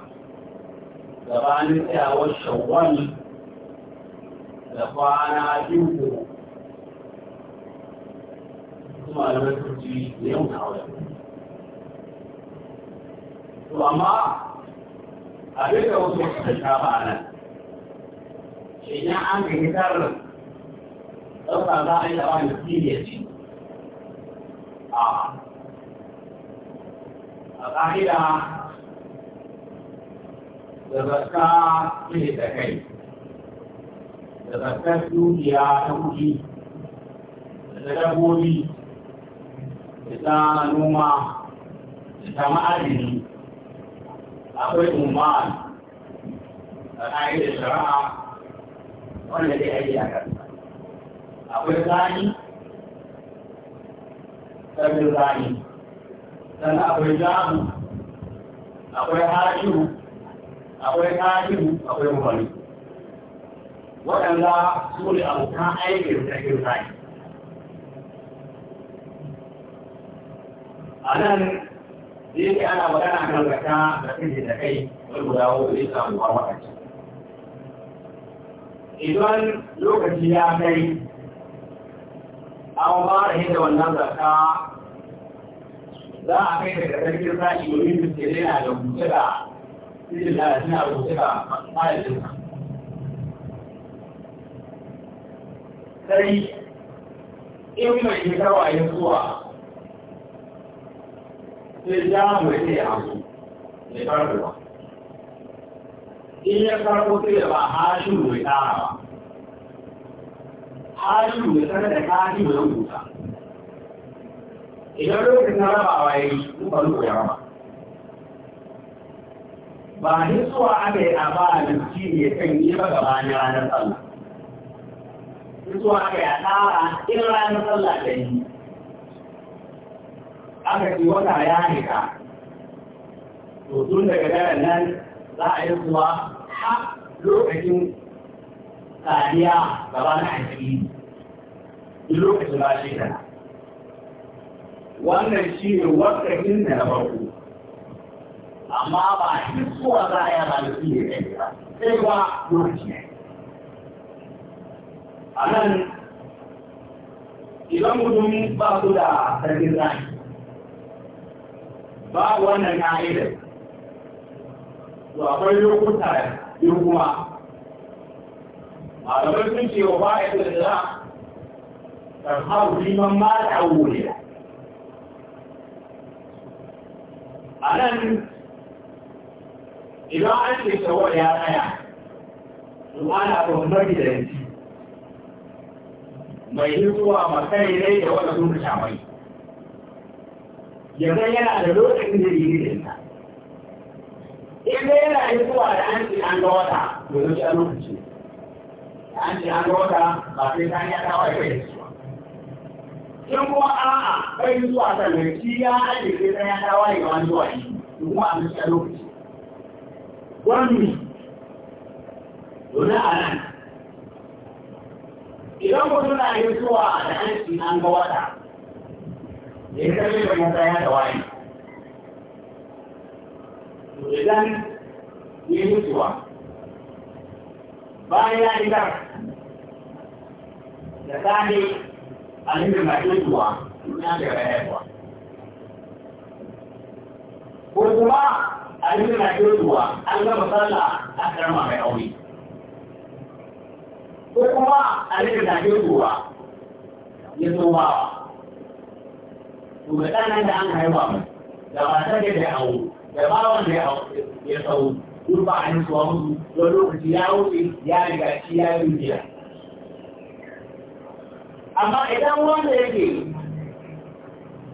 gabanin tsayawar shawwal da kwana biyu kuma da mutunci da yau na wajen to amma abin da wasu wasu ta shafa a nan shi ya an ga hitar ɗauka za a yi da wani fili ci القاعدة تزكى به الزكاة تزكى الدنيا تمشي تدبولي ta noma ta ma'adini akwai umar da ƙari da shari'a wanda zai aiki a kansa akwai zani sabbin zani sannan akwai jamu akwai hashiru akwai kashiru akwai mafari waɗanda su ne abokan aikin da ke zai a nan yake ana magana kan gata da kake da kai wani guda wanda ya samu a wakacin idan lokaci ya kai an fara hidda wannan zarta za a kai da karfin sashi domin bincike yana da rubuce da cikin da suna rubuce da malamin sai in mai shekawa ya zuwa sai ya mai sai a su ya karbewa in ya karbo sai da ba hashiru mai tsara ba hashiru mai tsara da kashi mai rubuta idan lokacin na raba rabawa ya yi rufa ya raba ba ni suwa aka yi a ba a lantarki ne kan yi ba gaba na ranar sallah zuwa aka yi a tsara in ranar sallah da yi aka ce wata ya nika to tun daga daren nan za a yi zuwa ha lokacin tsariya gaba na aiki lokacin ba shekara wannan shi ne wakafin da na farko amma ba shi suwa za a yi halittu ne ɗaya ba sai ba lokaci ne a nan idan mutum ba su da sarkin zai ba wannan ka'idar to akwai lokuta biyu kuma malamai sun ce wa ba ya da za ta hau liman ma da a nan idan an ce shawar ya tsaya to na bambari da yanzu mai hituwa makare ne da wata sun sha mai yanzu yana da lokacin da yi da ita in dai yana hituwa da an ce an ga wata to zai a lokaci an ce an ga wata ba sai ta ya da su. in kuma a'a bai zuwa sannan shi ya aje sai ɗaya ta waye ga wani zuwa shi kuma a cikin lokaci wani domin a nan idan mutum na yin zuwa da hanci an ga wata da ya karfe da mata ya da waye idan ya yi zuwa bayan ya idar da tsari annabi mai mutuwa ya daga haihuwa ko kuma annabi mai mutuwa an gama sallah a karama mai aure ko kuma annabi mai mutuwa ya zo bawa to ga ɗanan da an haihuwa mai da matar da ya hau da bawan da ya hau duk ba a yi suwa musu don lokaci ya wuce ya riga shi ya yi biya amma idan wanda yake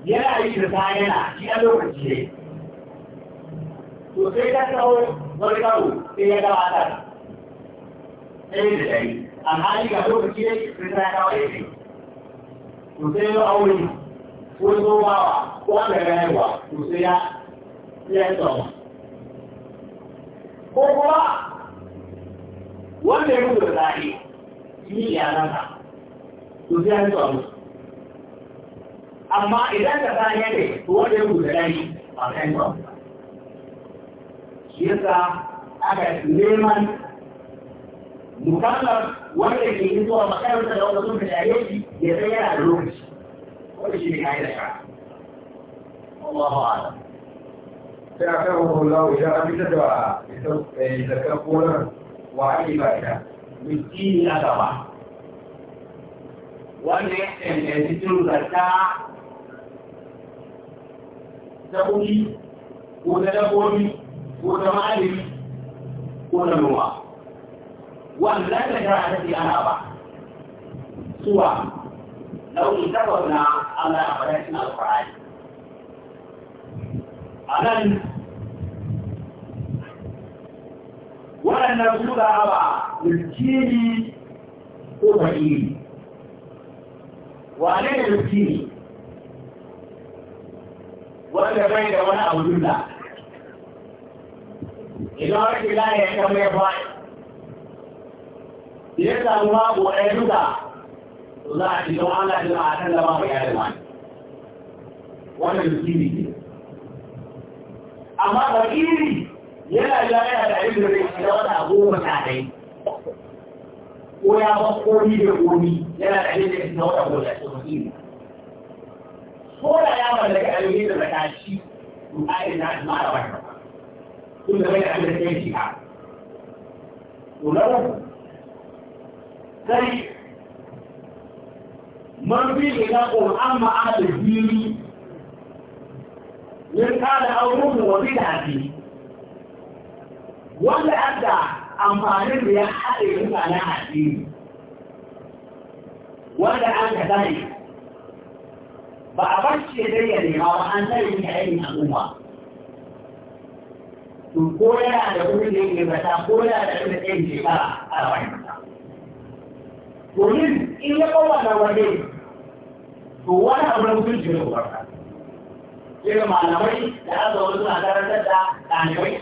yana yi da tayana shi a lokaci ne to sai ta kawo wani karo sai ya gabatar ɗaya da ɗari amma yi ga lokaci ne sai ta kawo ya ce to sai ya aure ko zomawa ko an da ganarwa to sai ya ya tsawon ko kuma wanda ya mutu da tsari shi ne ya zama to sai an zuwa musu amma idan ka sa ya ne to wanda ya guda dani ba kan zuwa musu shi yasa aka neman mukallar wanda ke yi zuwa makarantar da wanda sun ka shaye shi ya san yana da lokaci wanda shi ne kayan da shara Allahu a'lam sai a kan wallahu idan an fitar da eh, zakar koran wa ake ba ita miskini aka ba wanda ya cancanci cin zarta ta kuɗi ko ta dabbobi ko ta malami ko ta noma wanda za ta ta ce ba suwa nau'in takwas na Allah a farashin alfahari a nan waɗannan su da ba miskini ko fa'ili wane ne miskini wanda bai da wani abu dunda idan wani kila ya kama ya fa ya samu babu ɗaya duka za a cikin Allah jira a kan zama mai yare wani wannan miskini ne amma fakiri yana da yana da abin da zai shiga wata abu mutane ko ya ba komi da komi yana da abin da ya shiga wata abu da fakiri ko da ya mallaki alheri da zakashi to ai na ma da wannan kun da bai da kai shi ka to lawa sai man bi ila qur'an ma ala dini yin kada aurun wa bidati wanda adda amfanin da ya haɗe mutane a dini wanda an ka sani ba a barci ya zai yadda ma ba an sani ne ainihin al'umma to ko yana da wurin da yake bata ko yana da wurin da yake shekara a rabar bata domin in ya kawo na waje to wani abu na mutum shi ne ubarka irin malamai da aka wani suna karantar da ɗalibai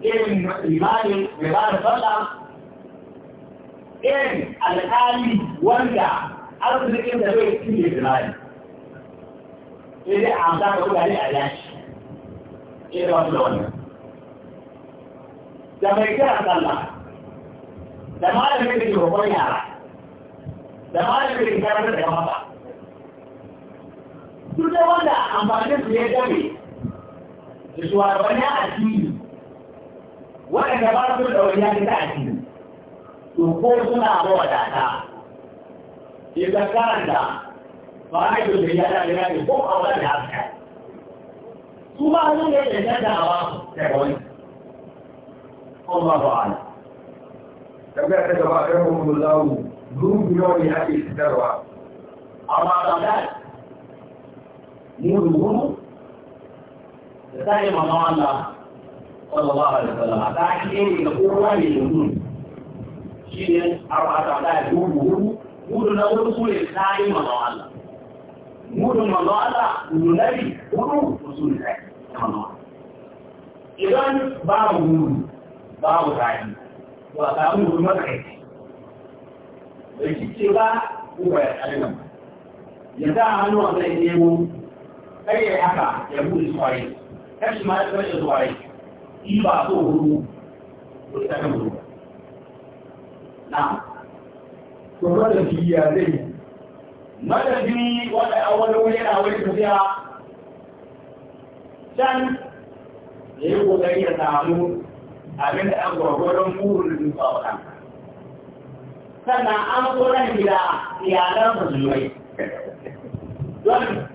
irin limanin mai ba da sallah irin alƙali wanda arzikin da zai cikin da zinari sai dai a za ka wuga ne a yashi irin wanda wannan da mai kira sallah da malamin da ke roƙon yara da malamin da ke karantar da mata duk da wanda amfanin su ya game da shugabannin addini waɗanda ba su da wani ya ta addini to ko suna mawadata idan karanta ba na yi da yada da yada ko a wani da haka su ba su ne da yada a ba da wani Allah ba ala tabbata ta gaba ɗan hukumar lawu gurubu nawa ne ake fitarwa amma ba da mudu gudu da ta yi mamawa Allah sallallahu alaihi wasallam ta ake ne da kowa ne da gudu shi ne arba'ata da dubu hudu hudu na hudu su ne kayan manzon Allah hudun manzon Allah hudu nabi hudu su ne kayan manzon idan babu hudu babu kayan ba samu hudu matsayi da shi ce ba uwa ya tsarin nan ya sa hannu a zai nemo kai haka ya buɗe suwaye kashi ma ya tsaye suwaye ba so hudu ko ita kan hudu na to madadi ya zai madadi wanda a wani wuri yana wani tafiya can da yi kokari ya samu abin da an gwagwaron burin da duka wa sannan an koran gida iyalan musulmai don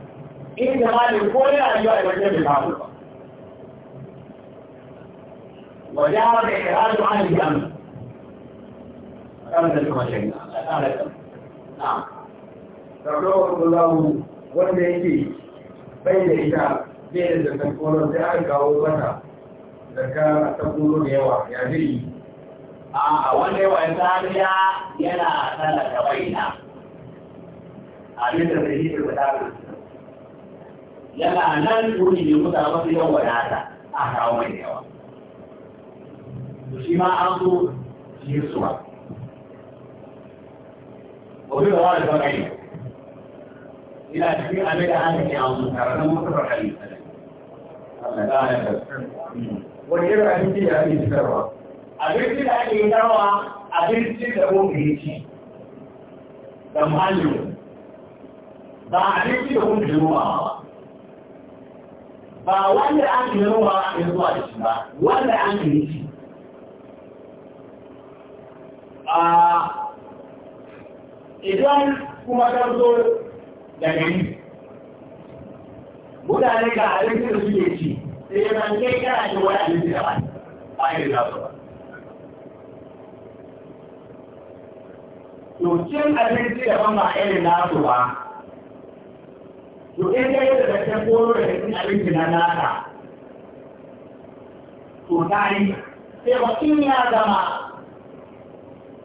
in zama ne ko yana rayuwa da wajen da babu ba wajen da ya rasu an gida كما تلكم شيء نعم رحمه الله wanda yake bai da ita zai da zakan kolon sai aka kawo mata zaka ta kono da yawa ya zai a wanda yawa ya tsariya yana talaka baina abin da zai yi da wadata yana nan wuri ne mutane masu yawan wadata a kawo mai yawa shi ma an zo yi suwa وفي ضرائب فرعيه إلى تحقيق بين هذه الأنظمة كما مكتب الحديث والجرع عندي هذه الثروة أبيت هذه الثروة أبيت له بيتي تمالي بعدت له جنوها فوالد عن جنوها يطلع اسمه والد عن بيتي آه idan kuma ka zo da gani mutane ga abinci da suke ci sai ya san kai kana da wani abinci da ba ba ne da ba to cin abinci da ban ba irin nasu ba to in ka yi da zancen koro da cin abinci na nasa to ta yi sai ba in ya zama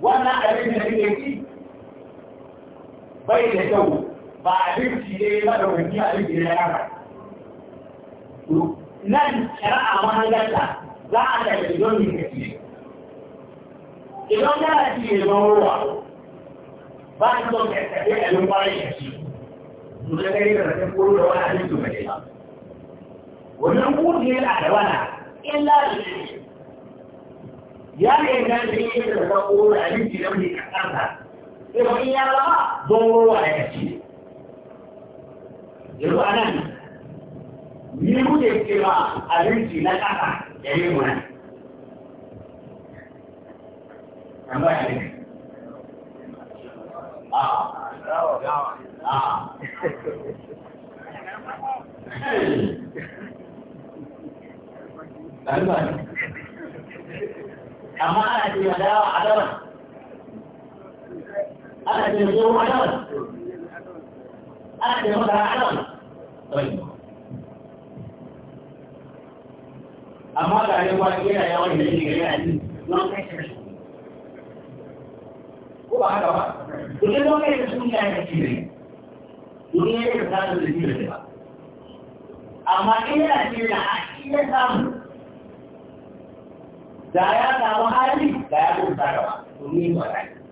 wannan abinci da kake ci bai da kyau ba abinci ne madawaki abinci ne ya nan shari'a mahangarta za a daga idan ne kake idan kana ci ne ban ruwa ba a son ka tafi a yin kwarai ka ci su da kai da ta koro da wani abinci ba ne ba wannan kuɗi yana da wani illa da shi ya ne gani da ta koro da abinci da wani kasanta يوم إن يرى ضروا على نفسه يروى أنا يقول اتباع أبنتي لا تقع يليمنا أما يليم آه آه أما أنا أتباع عدوة أحد يزور عدم أحد يضع عدم طيب أما لا يبقى إلى يوم الذي يأتي ما تعيش هو هذا كل ما كان يسمون يعني كثيرين دنيا يبقى هذا الذي أما إلى إلى إلى سامر لا يا سامر هذه لا يقول سامر دنيا ولا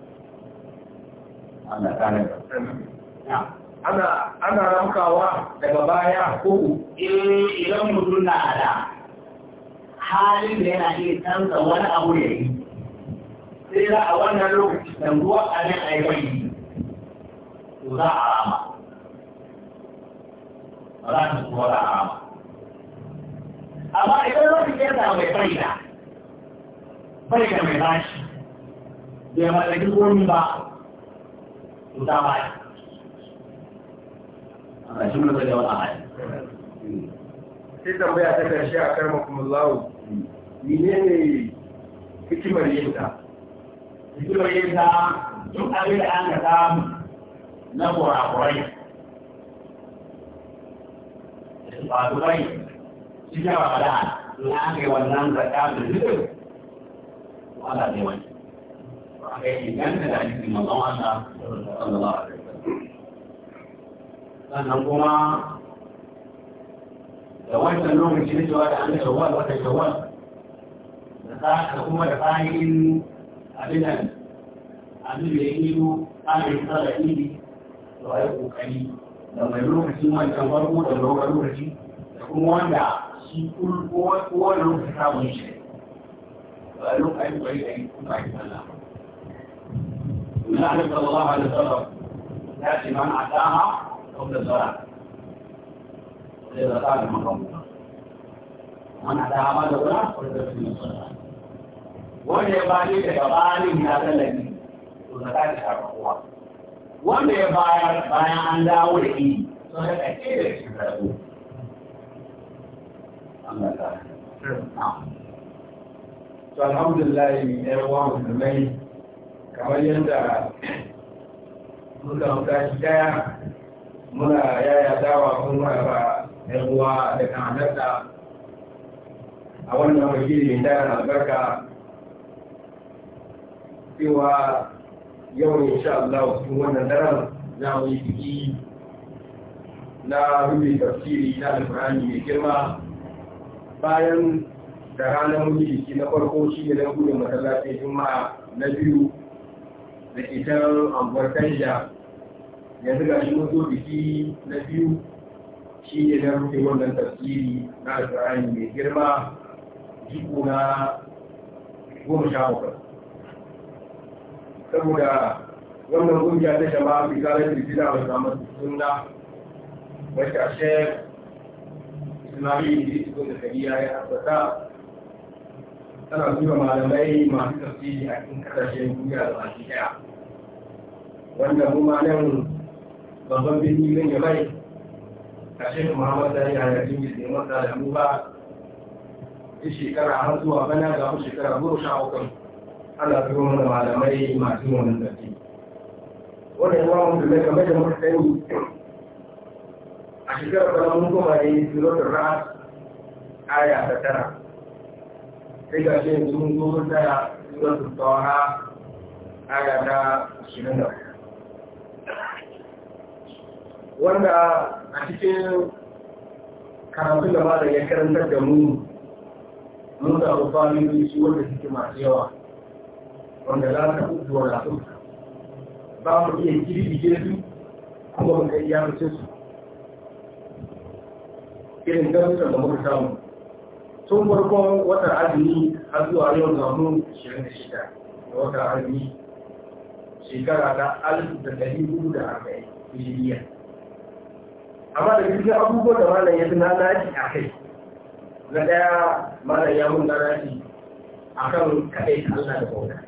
ana ana rankawa daga baya ko eh, idan mutum na da halin da yana iya canza wani abu ya yi sai za a wannan lokaci da ruwa a nan a yi to za a rama ba za su kuwa za a rama amma idan lokacin yana mai faida faida mai bashi bai mallaki komi ba متابعة أنا شو نقول ولا حاجة sai tambaya ta karshe a karma kuma lawo mene ne hikimar yin ta hikimar yin ta duk abin da an ka na kurakurai fasurai cikin rabada na an kai wannan zaka da zikin wala ne wani كان ذلك من الله صلى الله عليه وسلم sannan kuma da wannan lokaci na cewa da an shawar wata shawar da saka kuma da kayan abinan abin da ya ido tsarin tsara ili da wani kokari da mai lokacin wancan farko da dogon lokaci da kuma wanda shi kowane lokaci samun shi da lokacin kwari da yi kuma yi sallah من أهل صلى الله عليه وسلم يأتي من أتاها قبل الصلاة وإذا قال من قبلها من أتاها ما دورا قبل الصلاة وإن يبالي تكبالي من هذا الذي وزكاة الحرقوة وإن يبالي بيان داوري صحيح أكيد يتحرقوه أما الله نعم. نعم فالحمد لله من إرواح المين kamar yadda muka shi daya muna yaya dawa kun maraba yan uwa da kan a wannan wakili mai tarin albarka cewa yau ne sha Allah cikin wannan daren za mu yi biki na rubi tafsiri na alfahari mai girma bayan da ranar mulki na farko shi ne na gudun masallacin juma'a na biyu da ke anguwar kanja yanzu ga shi mutu biki na biyu shi ne na rufe wannan tafsiri na alƙur'ani mai girma jiko na goma sha bakwai saboda wannan kungiya ta shaba fi zalar jirgina wa samar suna wacce a shayar islami ne da ya asasa tana tura malamai masu tafsiri a cikin kasashen duniya da baki daya wanda mu ma nan babban birni zan ya bai a shekaru muhammad da ya yi jin gizo masa da mu ba ta shekara har zuwa bana ga mu shekara goro sha uku ana tura mana malamai masu wannan tafsiri wani yawa mun da kamar da muka sani a shekarar bana mun koma ne su ar-ra'd aya ta tara sai ga shi yanzu mun zo mun tsaya suratul taha aya ta 24 wanda a cikin karatun da malam ya karantar da mu mun samu fahimci shi wanda suke masu yawa wanda za ta kudu wa rasu ba mu iya girgije su kuma mu ga iya su irin garurukan da muka samu tun farkon watan azumi har zuwa yau na mu 26 da watan azumi shekara na alifu da ɗari hudu da arba'in miliyan amma da cikin abubuwan da malam ya na naci a kai na ɗaya malam ya mun naci a kan kaɗai ta Allah da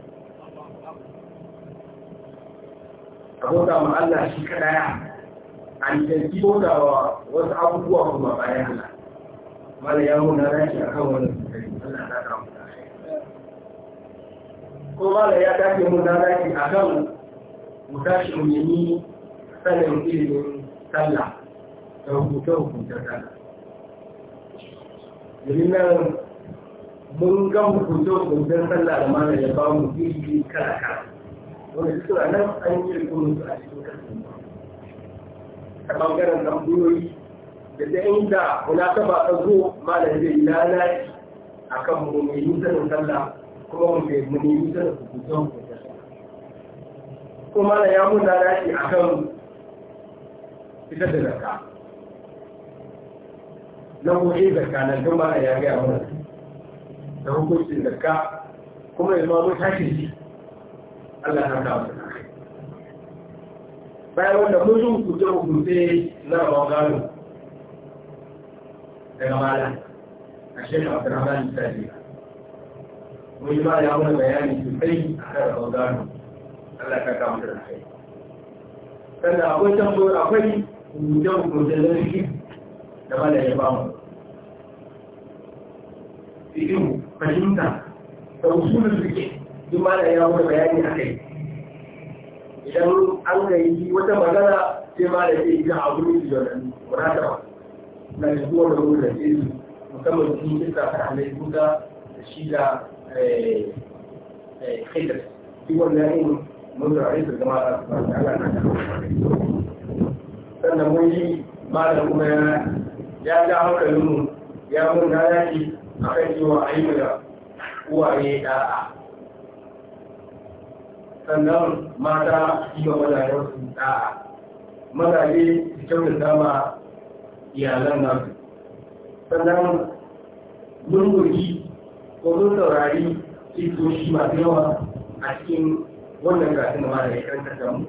bauta abota ma Allah shi kaɗaya a nisanci bauta wa wasu abubuwa kuma bayan Allah wala rashi a kan wani ko wala ya tafi muna rashi a kan mutashi umarni sanin ilimin sallah da hukunce-hukuncen sallah domin nan mun ga hukunce-hukuncen sallah da mana ya ba mu iri kala-kala wanda suna nan an yi rikunin su a cikin kasu ta ɓangaren da inda munasaba ta zo malam zai lalaci akan kan mai nisan sallah kuma mu mai mu nemi sanin Kuma ko ya mun lalaci akan fitar da zakka na hukunci zakka na tun malam ya gaya mana da hukuncin zakka kuma ya zama mun tashi shi Allah ta kawo bayan wanda mun zo hukunce hukunce na gano daga malam a shirin abdurrahman misali wani ma ya wani bayani sosai a kan gano allah ka kama da rahai sannan akwai tambayoyi akwai rubutan rubutan lalaki da malam ya ba mu fiɗin fahimta da usulun suke duk malam ya wani bayani a kai idan an ga yi wata magana sai malam ya yi ga abu ne su yau da ba na zuwa da wurin da su musamman sun yi sa ta hannun guda da shi da haitar eh, eh, shi wannan yin mazurare su zama a ala na sannan mun yi malam kuma ya ja hankalinmu ya mun na yaki a kan cewa a yi mana uwaye da'a sannan mata yi wa mazajen su da'a mazaje su da ma iyalan nasu sannan mun ko mun saurari cikoshi masu yawa a cikin wannan gasi da mara ya kanta da mu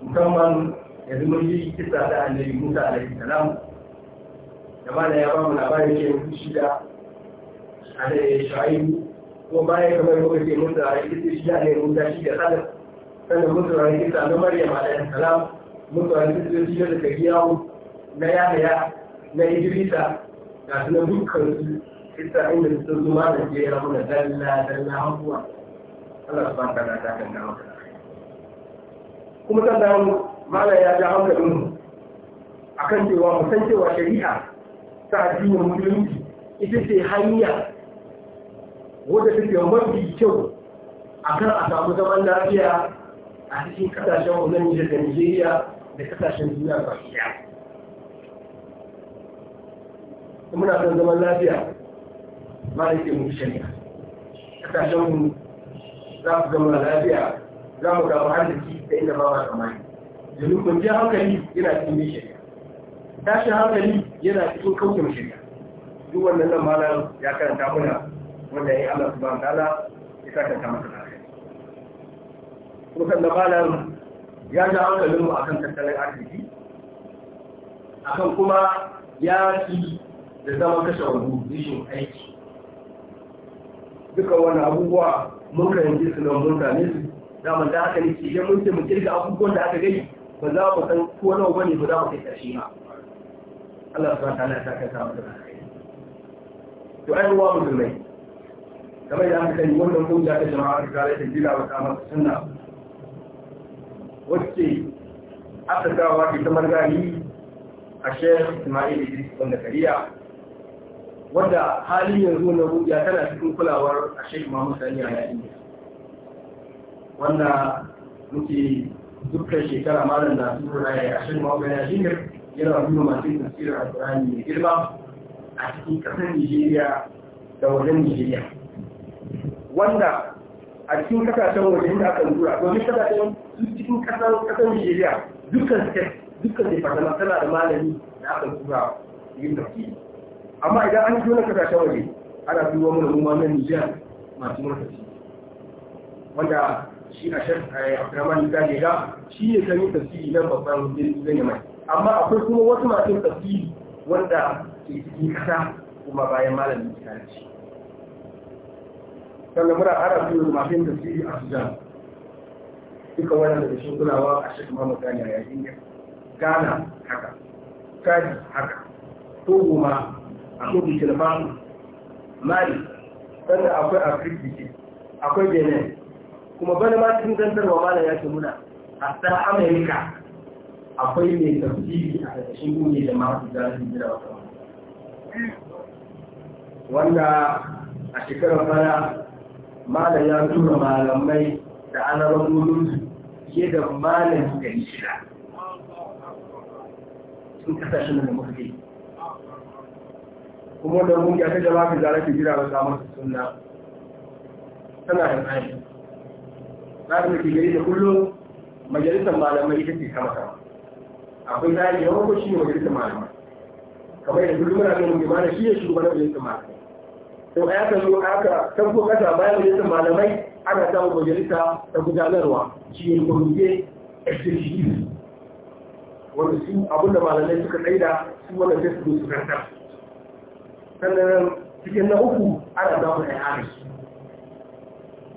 musamman ya mun yi kisa da annabi musa alaihi salam da da ya ba mu labarin ke shi da ya shayi. ko baya kamar lokaci ke mutu kisa shi da alaihi musa shi da sadar sannan mutu saurari kisa na maryam alaihi salam mun saurari kisa shida da kariyawu na yahaya na idrisa ga su na dukkan su isa inda sun zuma da ke ramuna dalla dalla hankuwa Allah su ba Ta na takan da haka kuma sannan mala ya ja hankalin mu kan cewa mu cewa shari'a ta addinin musulunci ita ce hanya wadda ke mafi kyau kan a samu zaman lafiya a cikin kasashen wannan da Nijeriya da kasashen duniya ba shi muna son zaman lafiya ma da ke mutu shari'a kasashenmu za ku zama lafiya za mu gaba arziki da inda ba ma tsammani domin kwanciyar hankali yana cikin mai shari'a tashin hankali yana cikin kauce shari'a duk wannan nan malam ya karanta muna wanda ya yi Allah subhanahu ta'ala ya sa karanta masa lafiya kusan da malar ya ja hankalin mu akan tattalin arziki akan kuma ya ci da zama kashe wani rishin aiki duka wani abubuwa mun karanci su nan mun same su daman da haka nake idan mun ce mu kirga abubuwan da aka gani ba za mu san ko nawa bane ba za mu kai karshe ba Allah subhanahu wa ta'ala ya saka ta mu to ai ruwa mu dole kamar da aka sani wannan kungiya ta jama'a ta kare ta jira wa ta masa sunna wacce aka gawa ita margari a shehar Ismail Idris Bandakariya wadda halin yanzu na rubiya tana cikin kulawar a shek mamu sani a yayin wanda muke dukkan shekara malam na su raye a shek mamu sani a shekar yana nuna masu tasirin alƙur'ani mai girma a cikin ƙasar nigeria da wajen nigeria wanda a cikin kasashen wajen da aka lura domin kasashen cikin kasar nigeria dukkan state dukkan departament tana da malami da aka lura yin tafsiri amma idan an ji wani kasashen waje ana duba mana mu na Nijar masu murkaci wanda shi a shek eh, Abdurrahman Gaje ga shi ne kan yi tafsiri nan babban zai mai amma akwai kuma wasu masu tafsiri wanda ke cikin kasa kuma bayan malamin kitabci sannan muna ara su masu tafsiri a su Sudan duka wannan da shi kulawa a shi kuma Gani a yayin Ghana haka kaji haka Togo ma akwai shirmaku mali sannan akwai afirki akwai benin kuma bana ma cikin wa mana ya ce muna a ta amerika akwai mai tafsiri a ƙarƙashin ƙungiyar da masu za su jira wata wanda a shekarar bana malam ya tura malamai da anarar gudun fiye da malam gari shida sun kasashen da mafi kuma wannan kungiya ta jama'a ta zara ke jira ba samun sunna tana da tsari tsarin da ke gari da kullum majalisar malamai ita ce sama sama akwai tsari yawan ko shi ne majalisar malamai kamar yadda kullum muna kan mutum mana shi ne shugaban majalisar malamai to a yakan zo aka tabbo kasa bayan majalisar malamai ana samun majalisa ta gudanarwa shi ne kwamfiye executive wanda su abinda malamai suka tsaida su wanda sai su zo su karta sannan cikin na uku ana ba mu ɗan agaji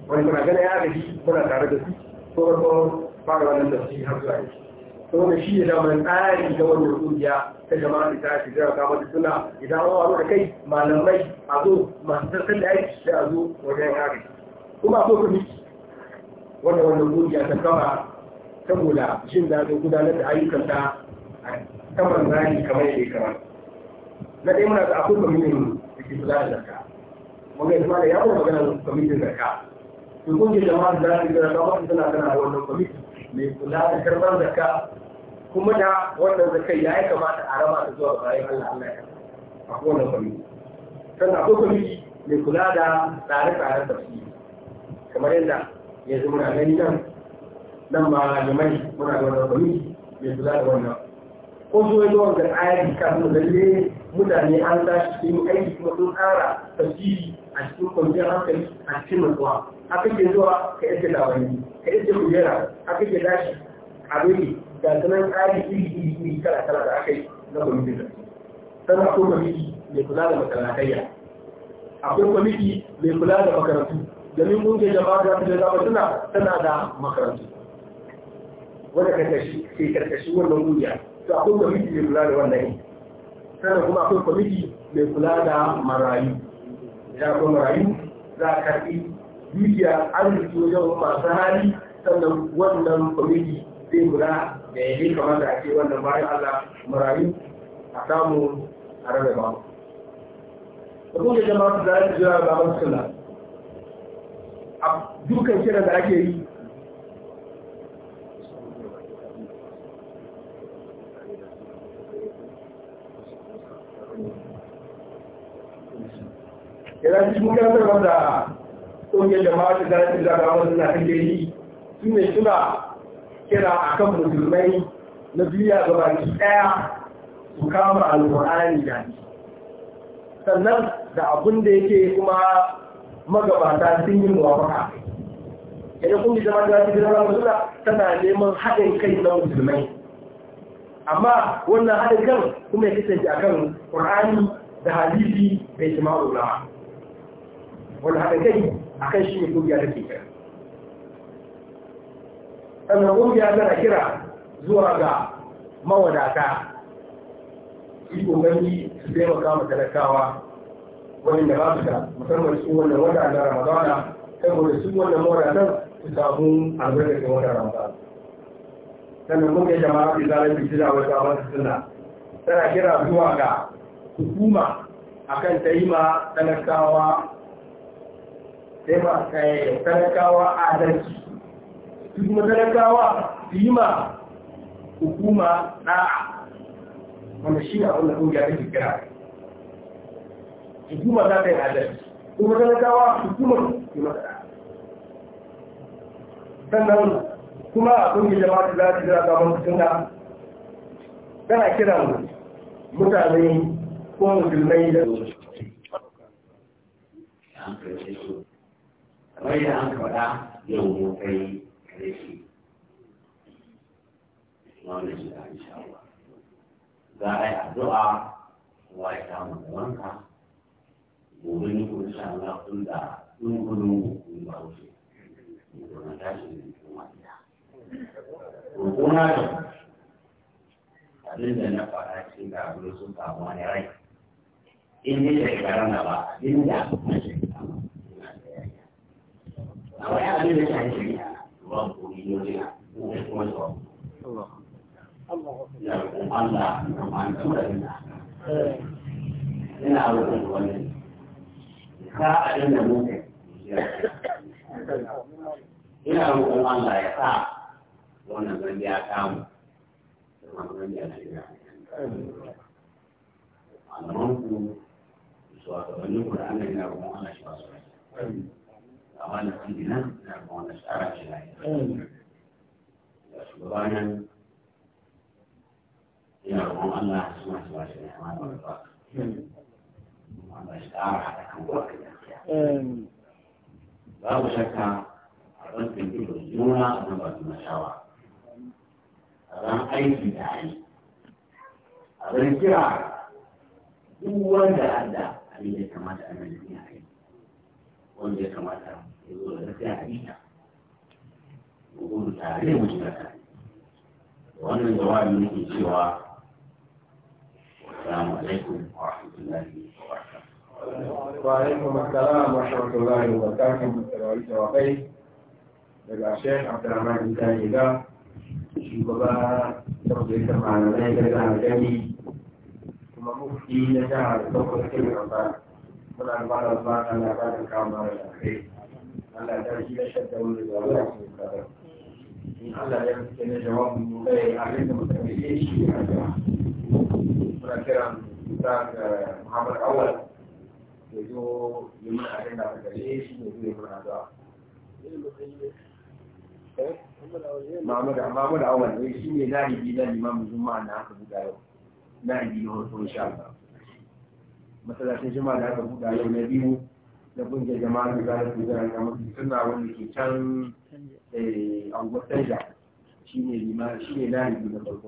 wani muna ganin agaji muna tare da su ko farko fara wannan da su har zuwa yanzu to da shi ne damar tsari ga wannan kungiya ta jama'a da ta shi zai kama suna idan an waro da kai malamai a zo masu sassan da aiki sai a zo wajen agaji kuma ko kuma wanda wannan kungiya ta kama saboda jin daɗin gudanar da ayyukanta a kamar zani kamar yadda ya kamata na ɗaya muna da akwai kwamitin da ke kula da zarka wani ya da ya kuma maganar kwamitin zarka to kungiyar jama'a da zai gara ta wata tana tana wannan kwamitin mai kula da karɓar zarka kuma da wannan zarka ya yi kamata a raba ta zuwa bayan Allah Allah ya a kowane kwamiti sannan akwai kwamiti mai kula da tsare-tsaren tafsiri kamar yadda yanzu muna gani nan nan ba limai muna da wannan kwamiti mai kula da wannan ko zuwa yawan da ayati kafin lalle mutane an tashi sun yi aiki kuma sun tsara tafsiri a cikin kwanciyar hankali a cikin nutsuwa a ke zuwa ka yadda dawani ka yadda kujera a ke tashi a wuri ga sanan tsari iri iri iri kala kala da aka yi na kwamitin da sannan akwai kwamiti mai kula da masalatayya akwai kwamiti mai kula da makarantu domin mun ke jama'a da ta zama tana tana da makarantu wanda karkashi ke karkashi wannan kungiya to akwai kwamiti mai kula da wannan sannan kuma akwai kwamiti mai kula da marayu ya kuma marayu za a karɓi dukiya arziki wajen masu hali sannan wannan kwamiti zai kula da yake kamata da ake wannan bayan Allah marayu a samu a rarraba. Mutum da kuma jama'a su za su jira ba baban suna. A dukkan kiran da ake yi yana shi mukarantar wanda ƙungiyar jama'a ta zarafi zagawa suna yi su ne suna kira a kan musulmai na duniya gaba ki ɗaya su kama alƙur'ani da shi sannan da abin da yake kuma magabata sun yi muwafaka yana ƙungiyar jama'a ta zarafi zagawa suna tana neman haɗin kai na musulmai amma wannan haɗin kan kuma ya kasance akan ƙur'ani da hadisi da ijma'ul wani haɗa kai a kan shi ne ƙungiya take kira sannan ƙungiya tana kira zuwa ga mawadata yi ƙoƙari su taimaka ma talakawa wanda ba su da musamman cikin wannan wata na ramadana saboda su wannan mawadatan su samu albarkacin wata ramadana sannan mun yi jama'a fi zalar fi shida wata wata suna tana kira zuwa ga hukuma akan ta yi ma talakawa sai ma eh, talakawa adalci su kuma talakawa su yi ma hukuma ɗa'a wanda shi a wannan ƙungiya ta kira hukuma za ta yi adalci kuma talakawa hukuma su mata ɗa'a sannan kuma a ƙungiyar jama'a za ta jira gaban su da tana kiran mutane ko musulmai da su. kamar yadda an faɗa yau kai karshe wannan shi da insha Allah za a yi addu'a wa ya samu da wanka gobe ni ko insha Allah kun da dungudu kun ba wuce ni ko na tashi ne kuma gida rukuna da abin da na faɗa cikin da abin sun samu wani rai in ne shekaran da ba abin da na أو عالم من أهل الشريعة رب ديننا الله الله الله الله الله ina rukun wani ka a inda muke ina rukun Allah ya sa wannan gani ya kamu da kuma gani ya shiga malaman ku su a gabanin ku da ana ina rukun Allah shi ba su rai أمانة سيدنا أمانة سارة إلهي يا سبحان يا رب الله سبحانه وتعالى أمانة وبركاته أمانة سارة حتى كم babu shakka a rankin ido juna a nan ba juna shawa a ran aiki da hali a ran kira duk wanda Allah abin da kamata a nan duniya a wanda ya kamata ya zo da gaskiya a ita mu gudu tare mu shiga tare wannan jawabi muke cewa assalamu alaikum wa rahmatullahi wa barakatuh wa alaikum assalam wa rahmatullahi wa barakatuh tarawih jawabai daga Sheikh Abdulrahman Isani ga shugaba sabbin malamai da gani kuma mufti na jihar Sokoto Kebbi Abubakar muna da ba da na ba da kama da kai Allah ya shi da shadda da wani su kada in Allah ya da na jawabin mu kai abin da muka yi shi a ga muna kira ta ga Muhammad Awal ya zo yi mana abin da muka yi shi ne zai muna da Mahmud Awal ne eh, shi ne na ribi na limamin juma'a na aka buga yau na ribi na hoto insha Allah masallacin jima da aka buɗa yau na biyu da kungiyar jama'a da zai fi zai ga mafi suna wani ke can eh, a shi ne limanin shi ne farko